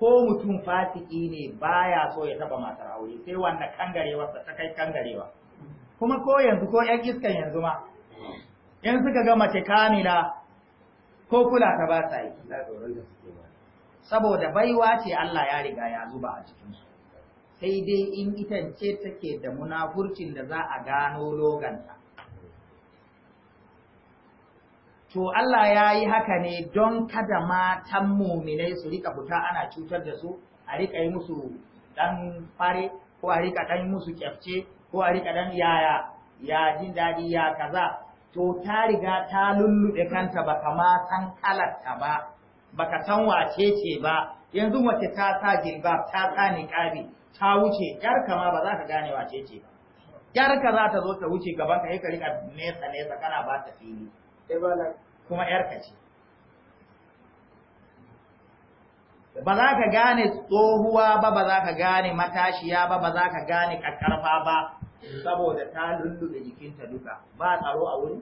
A: ko mutum fasiki ne baya so ya taba matar aure sai wannan kangarewa ta kai kangarewa kuma ko yanzu ko yan iskan yanzu ma in suka ga mace kamila ko kula ta ba ta yi saboda baiwa ce Allah ya riga ya zuba a cikinsu sai dai in itance take da munafurcin da za a gano loganta to Allah ya yi haka ne don kada matan muminai su rika fita ana cutar da su a rika yi musu dan fare ko a rika dan musu kyafce ko a rika dan yaya ya jin daɗi ya kaza to ta riga ta lullube kanta baka ma san kalarta ba baka san wace ce ba yanzu wace ta sa jilbab ta sa niqabi ta wuce yar kama ba za ka gane wace ce ba yar ka za ta zo ta wuce gaban ka ka rika nesa nesa kana ba ta fili eh, kuma yar ka ce ba za ka gane tsohuwa ba ba za ka gane matashiya ba ba za ka gane kakarfa ba saboda ta lullube jikinta duka ba tsaro a wuri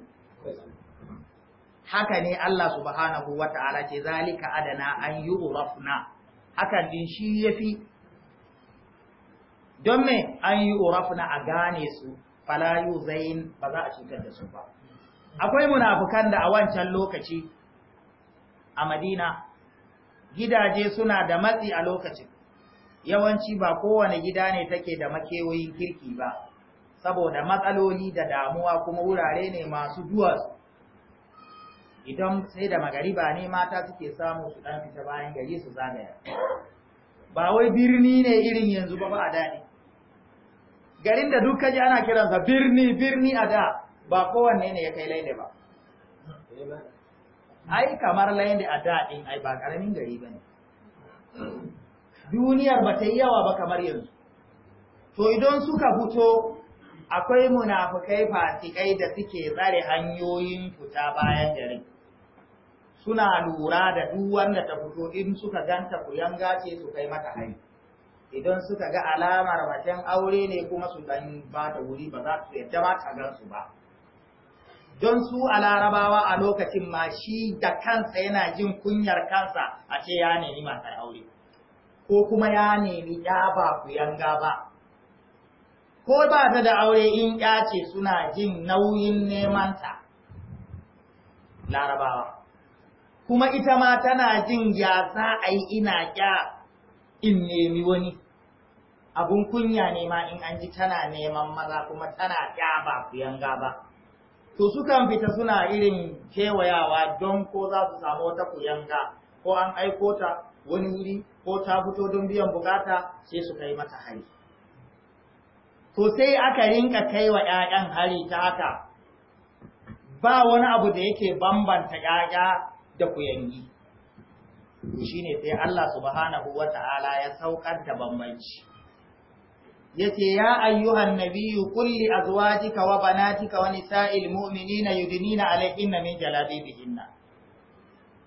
A: haka ne Allah subhanahu wata'ala ce zalika adana an yu'rafna hakan din shi yafi don me an yu'rafna a gane su fala zain ba za a cutar da su ba akwai munafukan da a wancan lokaci a Madina gidaje suna da matsi a lokacin yawanci ba kowane gida ne take da makewayin kirki ba saboda matsaloli da damuwa kuma wurare ne masu duwatsu idan sai da magariba ne mata suke samu su dan fita bayan gari su zagaya ba wai birni ne irin yanzu ba ba a daɗi garin da duk kaji ana kiransa birni birni a da ba kowanne ne ya kai laide ba ai kamar laide a daɗin ai ba ƙaramin gari ba ne duniyar ba ta yi yawa ba kamar yanzu to idan suka fito akwai munafukai fasikai da suke tsare hanyoyin fita bayan gari suna lura da duk wanda ta fito in suka ganta ku yanga ce su kai mata hari idan suka ga alamar macen aure ne kuma su dan ba ta wuri ba za su yadda ba ta gansu ba don su a larabawa a lokacin ma shi da kansa yana jin kunyar kansa a ce ya nemi matar aure ko kuma ya nemi ya ba ku yanga ba ko ba ta da aure in ya ce suna jin nauyin nemanta larabawa kuma ita ma tana jin ya za a yi ina ƙya in nemi wani abun kunya ne ma in an ji tana neman maza kuma tana ƙya ba ku yanga ba to sukan fita suna irin kewayawa don ko za su samu wata kuyanga ko an aiko ta wani wuri ko ta fito don biyan bukata sai su kai mata hari. to sai aka rinka kai wa ‘ya'yan hari ta haka ba wani abu da yake bambanta ‘ya'ya da kuyangi shi ne sai Allah subhanahu wa ta'ala ya saukar da bambanci yace ya ayyuhan nabiyyu kulli azwajika wa banatika wa nisa'il mu'minina yudnina alayhinna min jalabibihinna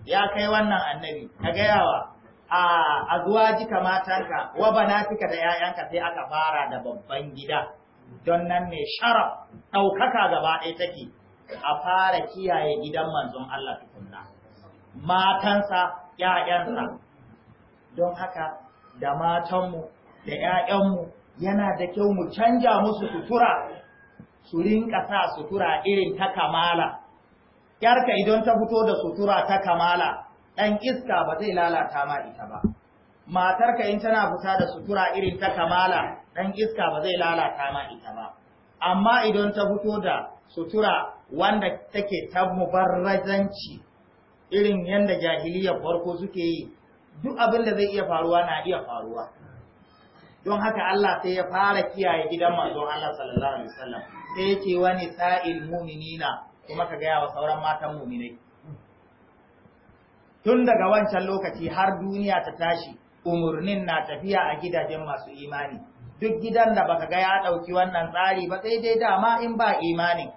A: ya kai wannan annabi ka gayawa a jika matanka wa fika da yayanka sai aka fara da babban gida don nan ne sharaf ɗaukaka gaba ɗaya take a fara kiyaye gidan manzon Allah tukunna matansa ƴaƴansa don haka da matanmu da ƴaƴanmu yana da kyau mu canja musu sutura su rinka sa sutura irin ta kamala yarka idan ta fito da sutura ta kamala ɗan iska ba zai lalata ma ita ba matarka in tana fita da sutura irin ta kamala ɗan iska ba zai lalata ma ita ba amma idan ta fito da sutura wanda take ta mubarrazanci irin yadda jahiliya farko suke yi duk abin da zai iya faruwa na iya faruwa don haka Allah sai ya fara kiyaye gidan manzon Allah sallallahu alaihi wasallam sai yake wani sa'il mu'minina kuma ka ga wa sauran matan mu'minai tun daga wancan lokaci har duniya ta tashi umurnin na tafiya a gidajen masu imani duk gidan da baka ga ya ɗauki wannan tsari ba sai dai dama in ba imanin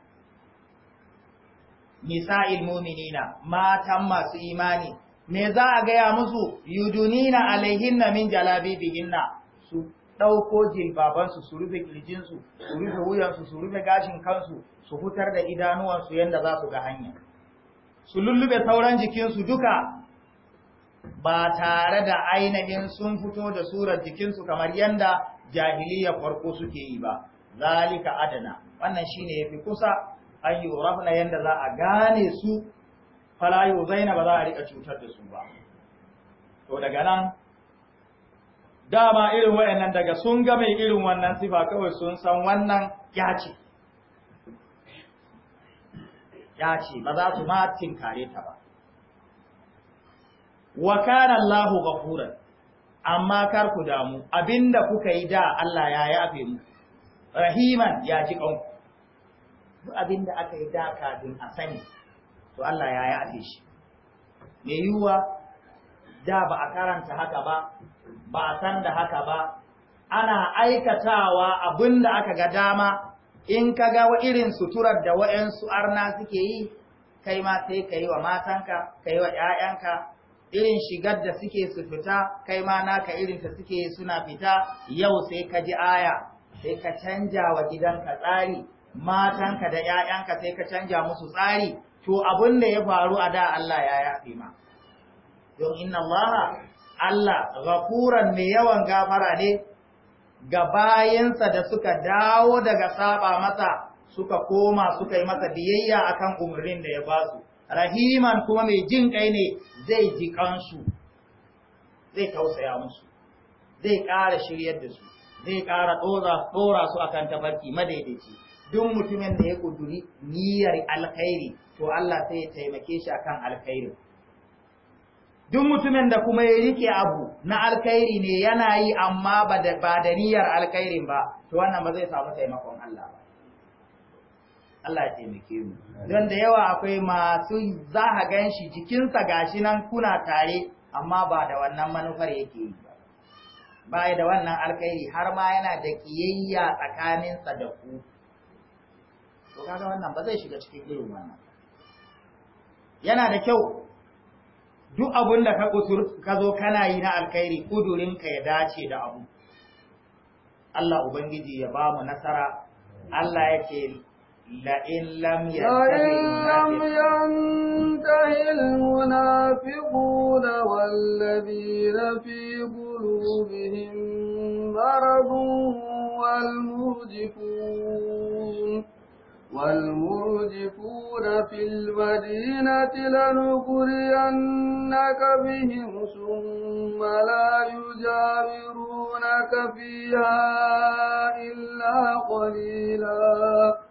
A: misa'il mu'minina matan masu imani me za a gaya musu yudunina alaihinna min jalabibihinna su ɗauko jilbabansu su rufe kirjinsu su rufe wuyansu su rufe gashin kansu su fitar da idanuwansu yadda za su ga hanya su lullube sauran jikinsu duka ba tare da ainihin sun fito da surar jikinsu kamar yadda jahiliya farko suke yi ba zalika adana wannan shine yafi kusa an yi yanda za a gane su falayo zaina ba za a rika cutar da su ba to daga nan dama irin wayannan daga sun ga mai irin wannan sifa kawai sun san wannan ya ce ya ce ba za su ma tinkare ta ba wa kana Allahu ghafuran amma kar ku damu abinda kuka yi da Allah ya yafe mu rahiman ya ji kan duk abinda aka yi da kafin a sani to Allah ya yafe shi me yiwa da ba a karanta haka ba ba a san da haka ba ana aikatawa abinda aka ga dama in ka ga irin suturar da wa'ansu arna suke yi kai ma sai ka yi wa matanka ka yi wa ‘ya'yanka irin shigar da suke su fita kai ma naka irinta suke suna fita yau sai ka ji aya sai ka canja wa gidanka tsari matanka da 'ya'yanka sai ka canja musu tsari to abin da ya faru a da Allah ya yafe ma don inna Allah Allah ghafuran mai yawan gafara ne ga bayansa da suka dawo daga saba masa suka koma suka yi masa biyayya akan umarnin da ya basu rahiman kuma mai jin kai ne zai ji kansu zai tausaya musu zai ƙara shiryar da su zai ƙara ɗora su akan tafarki madaidaici duk mutumin da ya ƙuduri niyyar alkhairi to Allah sai ya taimake shi akan alkhairi duk mutumin da kuma ya rike abu na alkhairi ne yana yi amma ba da niyyar alkhairin ba to wannan ba zai samu taimakon Allah ba Allah ya taimake mu don da yawa akwai masu za a gan shi jikinsa gashi nan kuna tare amma ba da wannan manufar yake yi ba da wannan alkhairi har ma yana da kiyayya tsakaninsa da ku to kaga wannan ba zai shiga cikin irin wannan yana da kyau duk abin da ka kusur ka zo kana yi na alkhairi kudurin ka ya dace da abu Allah ubangiji ya ba mu nasara Allah ya ce لئن لم ينته
B: المنافقون والذين في قلوبهم مرض والمرجفون والمرجفون في المدينة لنغرينك بهم ثم لا يجاورونك فيها إلا قليلاً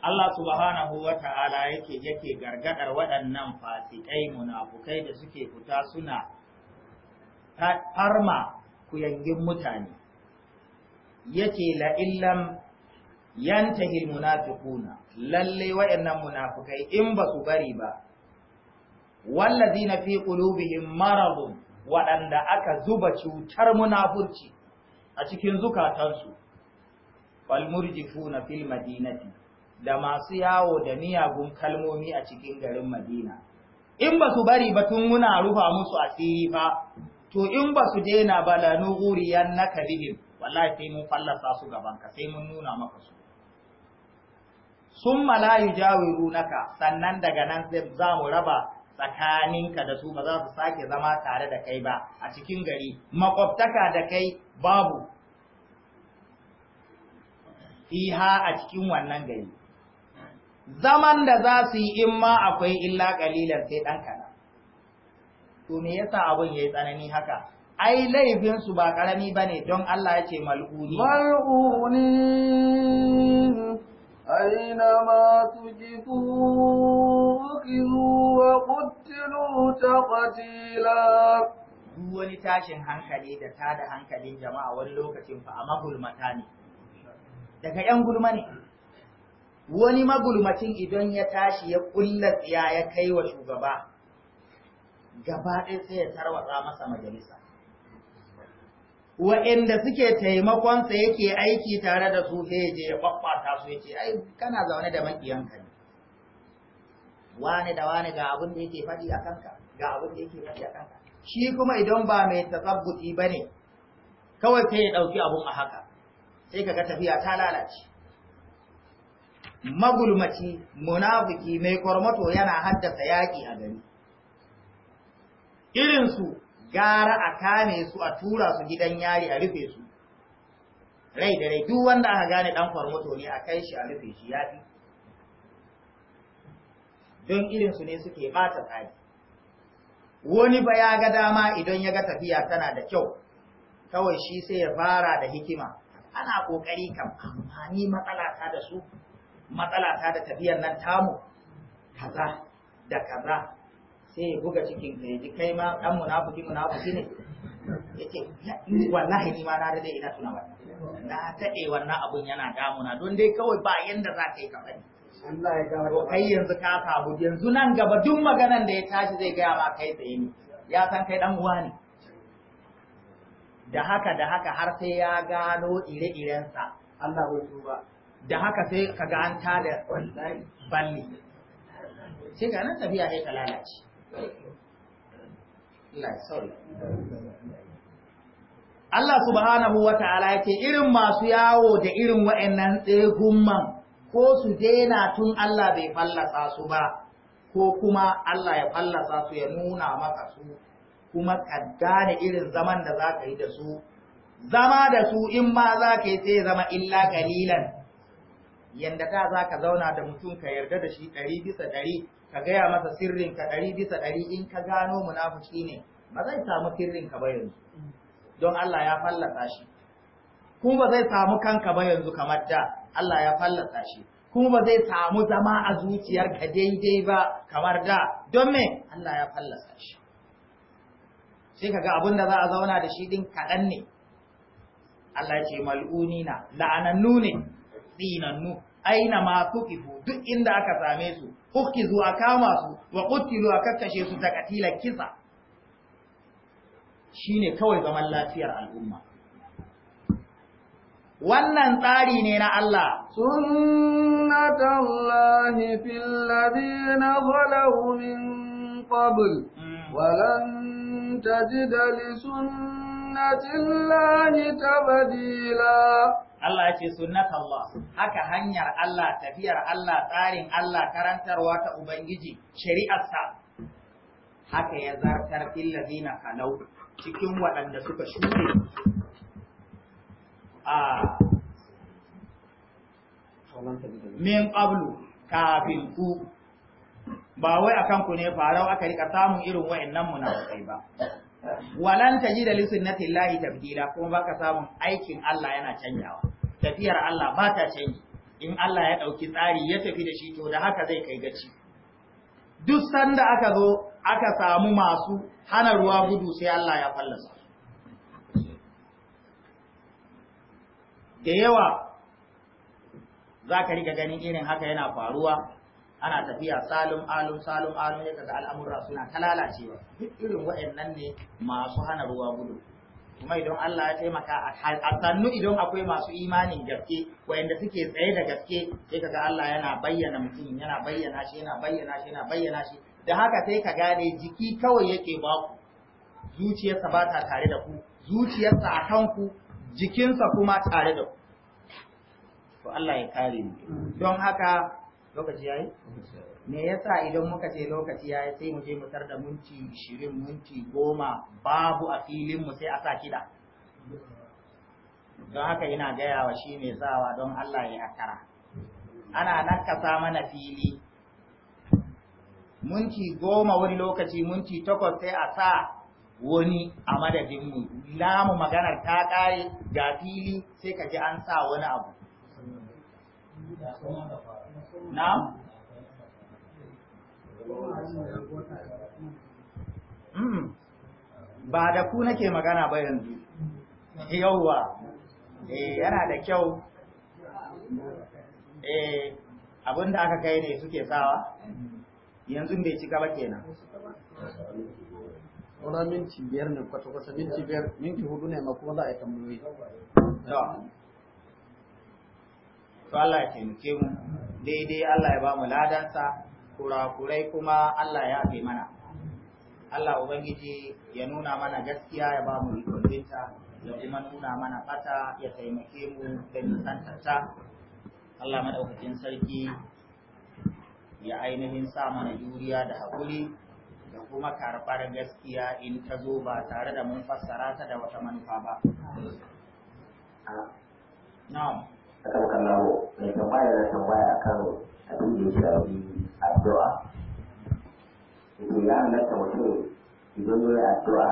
A: Allah subhanahu wa ta'ala yake yake gargadar waɗannan fasikai munafukai da suke fita suna farma kuyangin mutane yake la'illam yantahi munafiquna lalle waɗannan munafukai in ba su bari ba wallazina fi qulubihim maradun waɗanda aka zuba cutar munafurci a cikin zukatansu wal na fil madinati da masu yawo da miyagun kalmomi a cikin garin Madina. In ba su bari ba tun muna rufa musu asiri fa, to in ba su daina ba la nuhuriyan na kabihim, wallahi sai mun fallasa su gaban ka sai mun nuna maka su. Sun malayu jawiru naka sannan daga nan za mu raba tsakaninka da su ba za su sake zama tare da kai ba a cikin gari, makwabtaka da kai babu. Fiha a cikin wannan gari. zaman da za su yi in ma akwai illa ƙalilar sai ɗan kaɗan. To me yasa abin ya yi tsanani haka? Ai laifinsu ba ƙarami ba ne don Allah ya ce mal'uni.
B: Mal'uni أينما تجفوا أخذوا وقتلوا تقتيلا duk wani
A: tashin hankali da tada hankalin jama'a wani lokacin fa a magulmata ne daga 'yan gulma ne wani magulmacin idan ya tashi ya kulla tsiya ya kai wa shugaba gaba ɗaya sai ya tarwatsa masa majalisa wa'inda suke taimakonsa yake aiki tare da su sai je ya babbata su yake ai kana zaune da makiyanka ne wani da wani ga abin da yake faɗi a kanka ga abin da yake faɗi a kanka shi kuma idan ba mai tasabbuti bane kawai sai ya ɗauki abun a haka sai kaga tafiya ta lalace magulmaci munafiki mai kormato yana haddasa yaƙi a gari irinsu gara a kame su a tura su gidan yari a rufe su rai da rai duk wanda aka gane dan kormato ne a kai shi a rufe shi yafi don irinsu ne suke bata tsari wani ba ya ga dama idan ya ga tafiya tana da kyau kawai shi sai ya fara da hikima ana ƙoƙari kam amfani matsala ta da su matsala ta da tafiyar nan tamu kaza da kaza sai ya buga cikin ka yaji kai ma dan munafiki munafiki ne ce wallahi ni ma na dade ina tuna ba na tade wannan abun yana damuna don dai kawai ba yanda za ka yi kamar
B: Allah ya gawo kai
A: yanzu ka samu yanzu nan gaba duk maganan da ya tashi zai gaya ma kai tsaye ne ya san kai dan uwa ne da haka da haka har sai ya gano ire-irensa Allah ya tuba da haka sai ka ga an tada balli sai ga nan tafiya sai ka lalace Allah subhanahu wa ta'ala yake irin masu yawo da irin wa'annan tseguman, ko su daina tun Allah bai fallasa su ba ko kuma Allah ya fallasa su ya nuna maka su kuma kaddane irin zaman da za ka yi da su zama da su in ma za ka yi sai zama illa kalilan yanda da za ka zauna da mutum ka yarda da shi ɗari bisa ɗari ka gaya masa sirrin ka ɗari bisa ɗari in ka gano munafuki ne ba zai samu sirrin ka ba yanzu don Allah ya fallasa shi kuma ba zai samu kanka ba yanzu kamar da Allah ya fallasa shi kuma ba zai samu zama a zuciyar ka daidai ba kamar da don me Allah ya fallasa shi sai kaga abin da za a zauna da shi din kaɗan ne Allah ya ce mal'unina la'anannu ne tsinannu aina ma tuqifu duk inda aka same su ukizu a kama su wa qutilu a kakkashe su ta katilan kisa shine kawai zaman lafiyar al'umma
B: wannan tsari ne na Allah sunnatullahi fil ladina khalaw min qabl hmm. walan tajida li سنة الله تبديلا
A: Allah ya ce sunnat Allah haka hanyar Allah tafiyar Allah tsarin Allah karantarwa ta Ubangiji shari'arsa haka ya zartar illazina kalau cikin waɗanda suka shuɗe a min qablu kafin ku ba wai akan ku ne farau aka rika samun irin wa'annan munafikai ba walan tajida li sunnatillahi tabdila kuma baka samun aikin Allah yana canjawa tafiyar Allah ba ta canji in Allah ya ɗauki tsari ya tafi da shi to da haka zai kai gaci duk sanda aka zo aka samu masu hana ruwa gudu sai Allah ya fallasa da yawa za ka riga ganin irin haka yana faruwa ana tafiya salum alum salum alum ya kaga al'amurra suna ta lalacewa duk irin waɗannan ne masu hana ruwa gudu kuma idan Allah ya taimaka a sannu idan akwai masu imanin gaske waɗanda suke tsaye da gaske sai kaga Allah yana bayyana mutum yana bayyana shi yana bayyana shi yana bayyana shi da haka sai ka gane jiki kawai yake baku zuciyarsa ba ta tare da ku zuciyarsa a kanku jikinsa kuma tare da ku to Allah ya kare mu don haka lokaci yayi me yasa idan muka ce lokaci yayi sai mu je mu tarda minti 20 minti 10 babu a filin mu sai a sa kida don haka ina gaya wa shi mai sawa don Allah ya akara ana nakasa mana fili minti goma wani lokaci minti takwas sai a sa wani a madadin madadinmu lamu maganar ta ƙare ga fili sai ka ji an sa wani abu na hmm. ba da ku nake magana ba yanzu yauwa eh, yana da kyau eh, abin da aka kai ne suke sawa yanzu bai cika ba kenan
B: sauran minti biyar ne kwata-kwata minti biyar minti hudu ne ma kuma za a yi tambayoyi
A: Tawa. Allah ya taimake mu daidai Allah ya ba mu ladansa kurakurai kuma Allah ya fi mana Allah Ubangiji ya nuna mana gaskiya ya ba mu da ya kuma nuna mana fata ya taimake mu da nisantarta Allah madaukakin sarki ya ainihin sa mana juriya da haƙuri da kuma karɓar gaskiya in ta zo ba tare da mun fassara ta da wata manufa ba. Na'am.
B: a ɗaukar mai tambaya na tambaya a kan abin da ya shafi addu'a to ya halatta mutum idan ya yi addu'a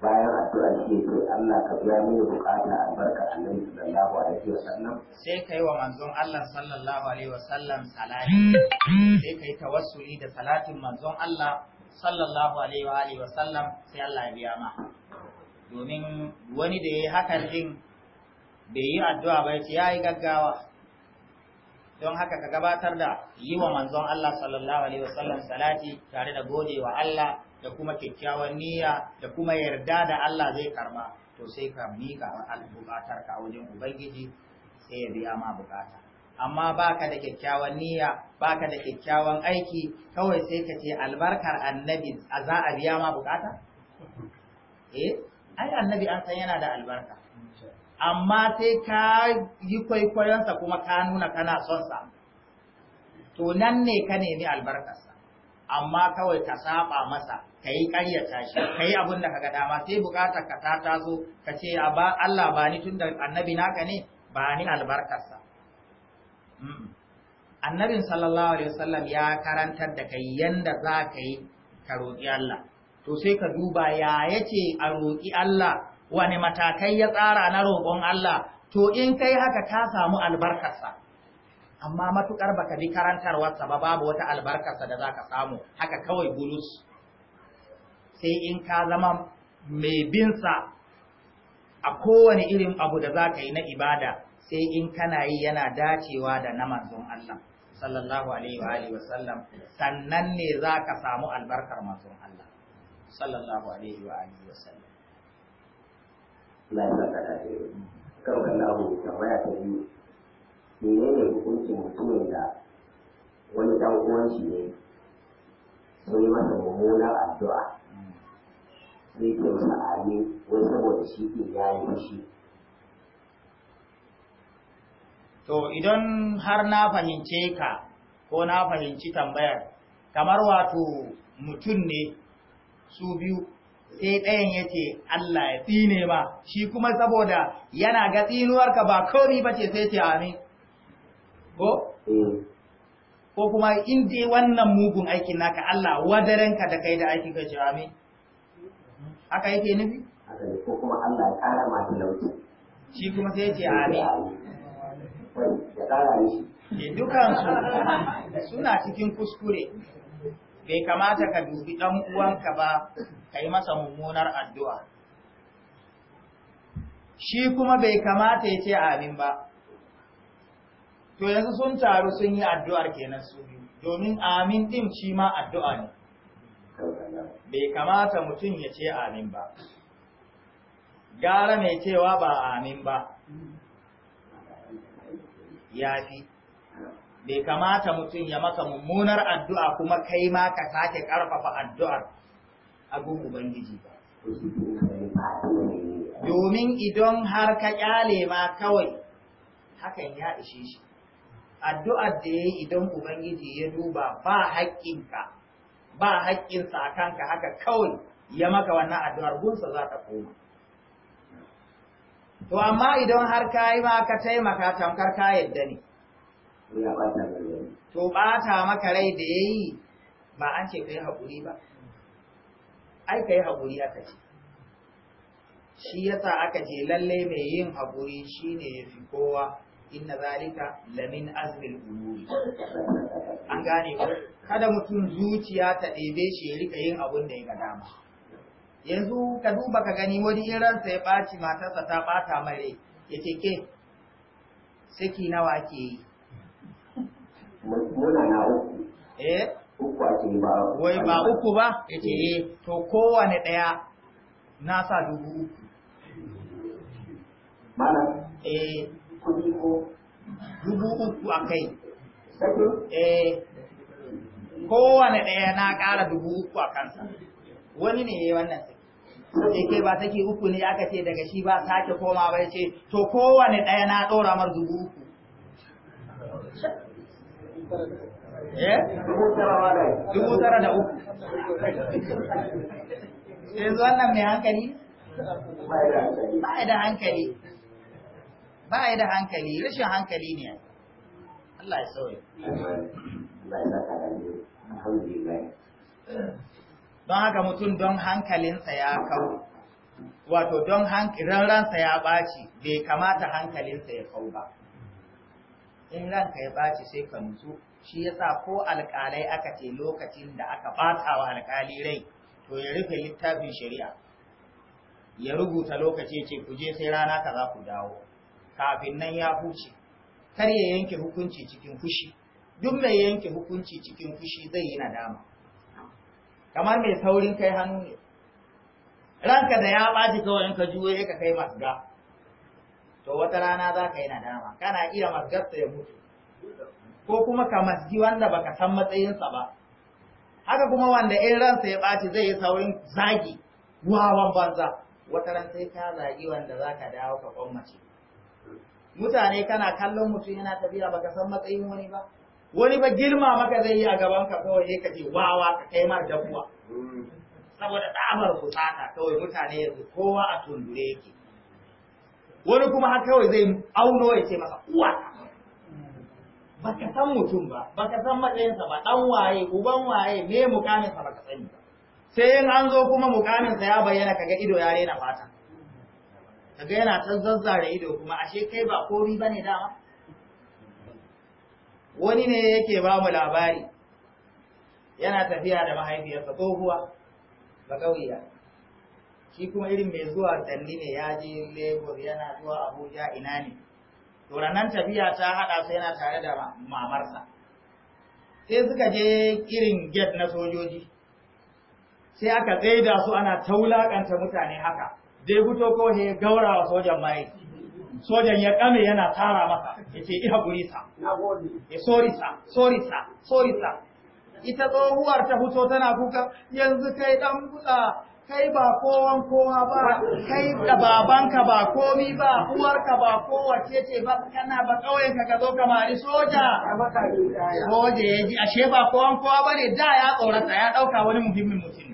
B: bayan addu'a shi ya ce, Allah ka biya mini bukata albarka annabi sallallahu alaihi wa sallam sai kai
A: wa manzon Allah sallallahu alaihi wa sallam salati sai kai tawassuli da salatin manzon Allah sallallahu alaihi wa sallam sai Allah ya biya ma domin wani da ya yi hakan din bai yi addu'a bai ce ya yi gaggawa don haka ka gabatar da yi wa manzon Allah sallallahu alaihi wasallam salati tare da gode wa Allah da kuma kyakkyawan niyya da kuma yarda da Allah zai karba to sai ka mika bukatar ka wajen ubangiji sai ya biya ma bukata amma baka da kyakkyawan niyya baka da kyakkyawan aiki kawai sai ka ce albarkar annabi za a biya ma bukata eh ai annabi an san yana da albarka amma sai ka yi kwaikwayonsa kuma ka nuna kana son sa to nan ne ka nemi albarkarsa amma kawai ka saba masa ka yi ƙaryata shi ka yi abin da ka ga dama sai bukatar ka ta taso ka ce Allah ba ni tun da annabi naka ne ba ni albarkarsa mm. annabin sallallahu alaihi wasallam ya karantar da kai yanda za ka yi ka roƙi Allah to sai ka duba ya yace a roƙi Allah wani matakai ya tsara na roƙon Allah to in kai haka ka samu albarkarsa amma matukar baka bi karantarwarsa ba babu wata albarkarsa da zaka samu haka kawai bulus sai in ka zama mai binsa a kowane irin abu da za zaka yi na ibada sai in kana yi yana dacewa da na manzon Allah sallallahu alaihi wa alihi wasallam sannan ne zaka samu albarkar manzon Allah sallallahu alaihi wa alihi wasallam Allah ya saka da kai
B: kan kallahu tambaya ta ne menene hukuncin mutumin da wani dan uwanci ne sun yi masa mummunar addu'a sai ke masa amin wai
A: saboda shi ke ya yi to idan har na fahimce ka ko na fahimci tambayar kamar wato mutum ne su biyu sai ɗayan ya ce Allah ya tsine ba shi kuma saboda yana ga tsinuwarka ba komi ba ce sai ce amin ko? Mm. ko kuma in dai wannan mugun aikin naka Allah wadaranka da kai da aiki ka ce amin haka yake nufi? ko kuma Allah ya ƙara ma talauci shi kuma sai ce amin ya ƙara shi eh, dukansu suna cikin kuskure bai kamata ka dubi ɗan uwanka ba ka yi masa mummunar addu'a shi kuma bai kamata ya ce amin ba to yanzu sun taru sun yi addu'ar kenan su biyu domin amin ɗin shi ma addu'a ne bai kamata mutum ya ce amin ba gara mai cewa ba amin ba ya fi bai kamata mutum ya maka mummunar addu'a kuma kai ma ka sake ƙarfafa addu'ar abin Ubangiji ba. Domin idan har ka ƙyale ma kawai, hakan ya ishe shi. Addu'ar da ya yi idan Ubangiji ya duba ba haƙƙinka, ba haƙƙinsa a kanka haka kawai ya maka wannan addu'ar gunsa za ta koma. To, amma idan har ka yi ma ka taimaka tamkar ka yadda ne. To ɓata maka rai da ya yi ba an ce ka yi haƙuri ba, ai ka yi haƙuri aka ce. Shi yasa aka ce lalle mai yin haƙuri shi ne ya fi kowa inna zalika lamin azmil umuri. An gane ko kada mutum zuciya ta ɗebe shi ya rika yin abun da ya dama. Yanzu ka duba ka gani wani iransa ya ɓaci matarsa ta ɓata mare ya ke ke saki nawa ke yi. muna na uku eh uku ake ba wai ba uku ba yace eh to kowane daya na sa dubu uku mana eh kudi ko dubu uku a kai. sako eh kowane daya na ƙara dubu uku a kansa wani ne yayi wannan saki sai kai ba take uku ne aka ce daga shi ba sake koma bai ce to kowane daya na dora mar dubu uku Eh? Dubu tara da uku. Yanzu wannan mai hankali? Ba da hankali. Ba da hankali, rashin hankali ne. Allah ya sauri. Don haka mutum don hankalinsa ya kawo, wato don ransa ya ɓaci, bai kamata hankalinsa ya kawo ba. in ranka ya ɓaci sai ka nutsu shi ya sa ko alƙalai aka ce lokacin da aka ɓata wa alƙali rai to ya rufe littafin shari'a ya rubuta lokaci ce ku je sai rana ka za ku dawo kafin nan ya huce kar ya yanke hukunci cikin fushi duk mai yanke hukunci cikin fushi zai yi nadama kamar mai saurin kai hannu ne ranka da ya ɓaci kawai in ka juye ka kai Masu masga to wata rana za ka yi nadama kana iya masgarsa ya mutu ko kuma ka masji wanda baka san matsayinsa ba haka kuma wanda in ransa ya ɓaci zai yi saurin zagi wawan banza wata ran sai ka zagi wanda za ka dawo ka kwammace mutane kana kallon mutum yana tafiya baka san matsayin wani ba wani ba girma maka zai yi a gaban ka kawai ne ka wawa ka kai mar dabuwa mm. saboda tsabar fusata kawai mutane yanzu kowa a tundure yake wani kuma har kawai zai auno ya ce masa uwa ka san mutum ba ka san matsayinsa ba ɗan waye uban waye me mukaminsa ka sani ba sai in an zo kuma mukaminsa ya bayyana kaga ido ya rena fata kaga yana ta zazzare ido kuma ashe kai ba kori bane dama wani ne yake ba mu labari yana tafiya da mahaifiyarsa tsohuwa ba kauya shi kuma irin mai zuwa dalli ne ya je Lagos yana zuwa Abuja ina ne to ranan tafiya ta haɗa sai yana tare da mamarsa sai suka je irin get na sojoji sai aka tsaida su ana taulakanta mutane haka zai fito ko he gaurawa sojan mai sojan ya kame yana tara masa yace iha gurisa ya sorisa sorisa sorisa ita tsohuwar ta fito tana kuka yanzu kai dan buɗa kai ba kowan kowa ba kai da babanka ba komi ba uwarka ba kowace ce ba kana ba kawai ka zo mari soja soja ya ji ashe ba kowan kowa ba ne da ya tsorata ya dauka wani muhimmin mutum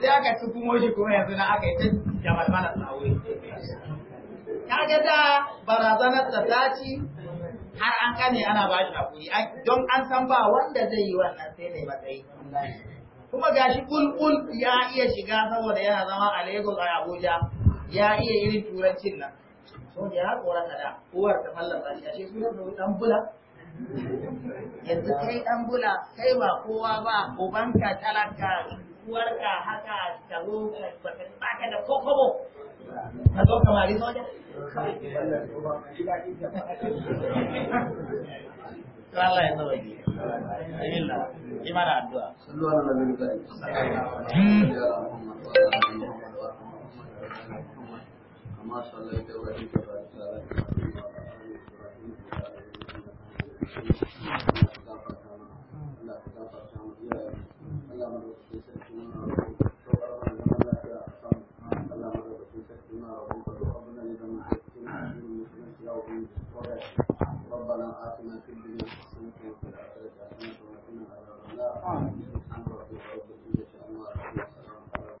A: sai aka ci kuma shi kuma yanzu na aka yi ta jamal mana tsawe ga da barazanar da ta ci har an kane ana ba shi hakuri don an san ba wanda zai yi wannan sai ne matsayi
B: kuma gashi bulbul
A: ya iya shiga saboda yana zama a Lagos a Abuja ya iya irin turancin nan so ya hakora da uwar ta fallasa shi ashe sunan da dan bula yanzu kai dan bula kai ba kowa ba ubanka talaka uwarka haka ta zo ba ka da kokobo ka zo kamar da Allah ya sauke bismillah yi mana
B: Thank you. ربنا آتنا في الدنيا حسنة وفي الآخرة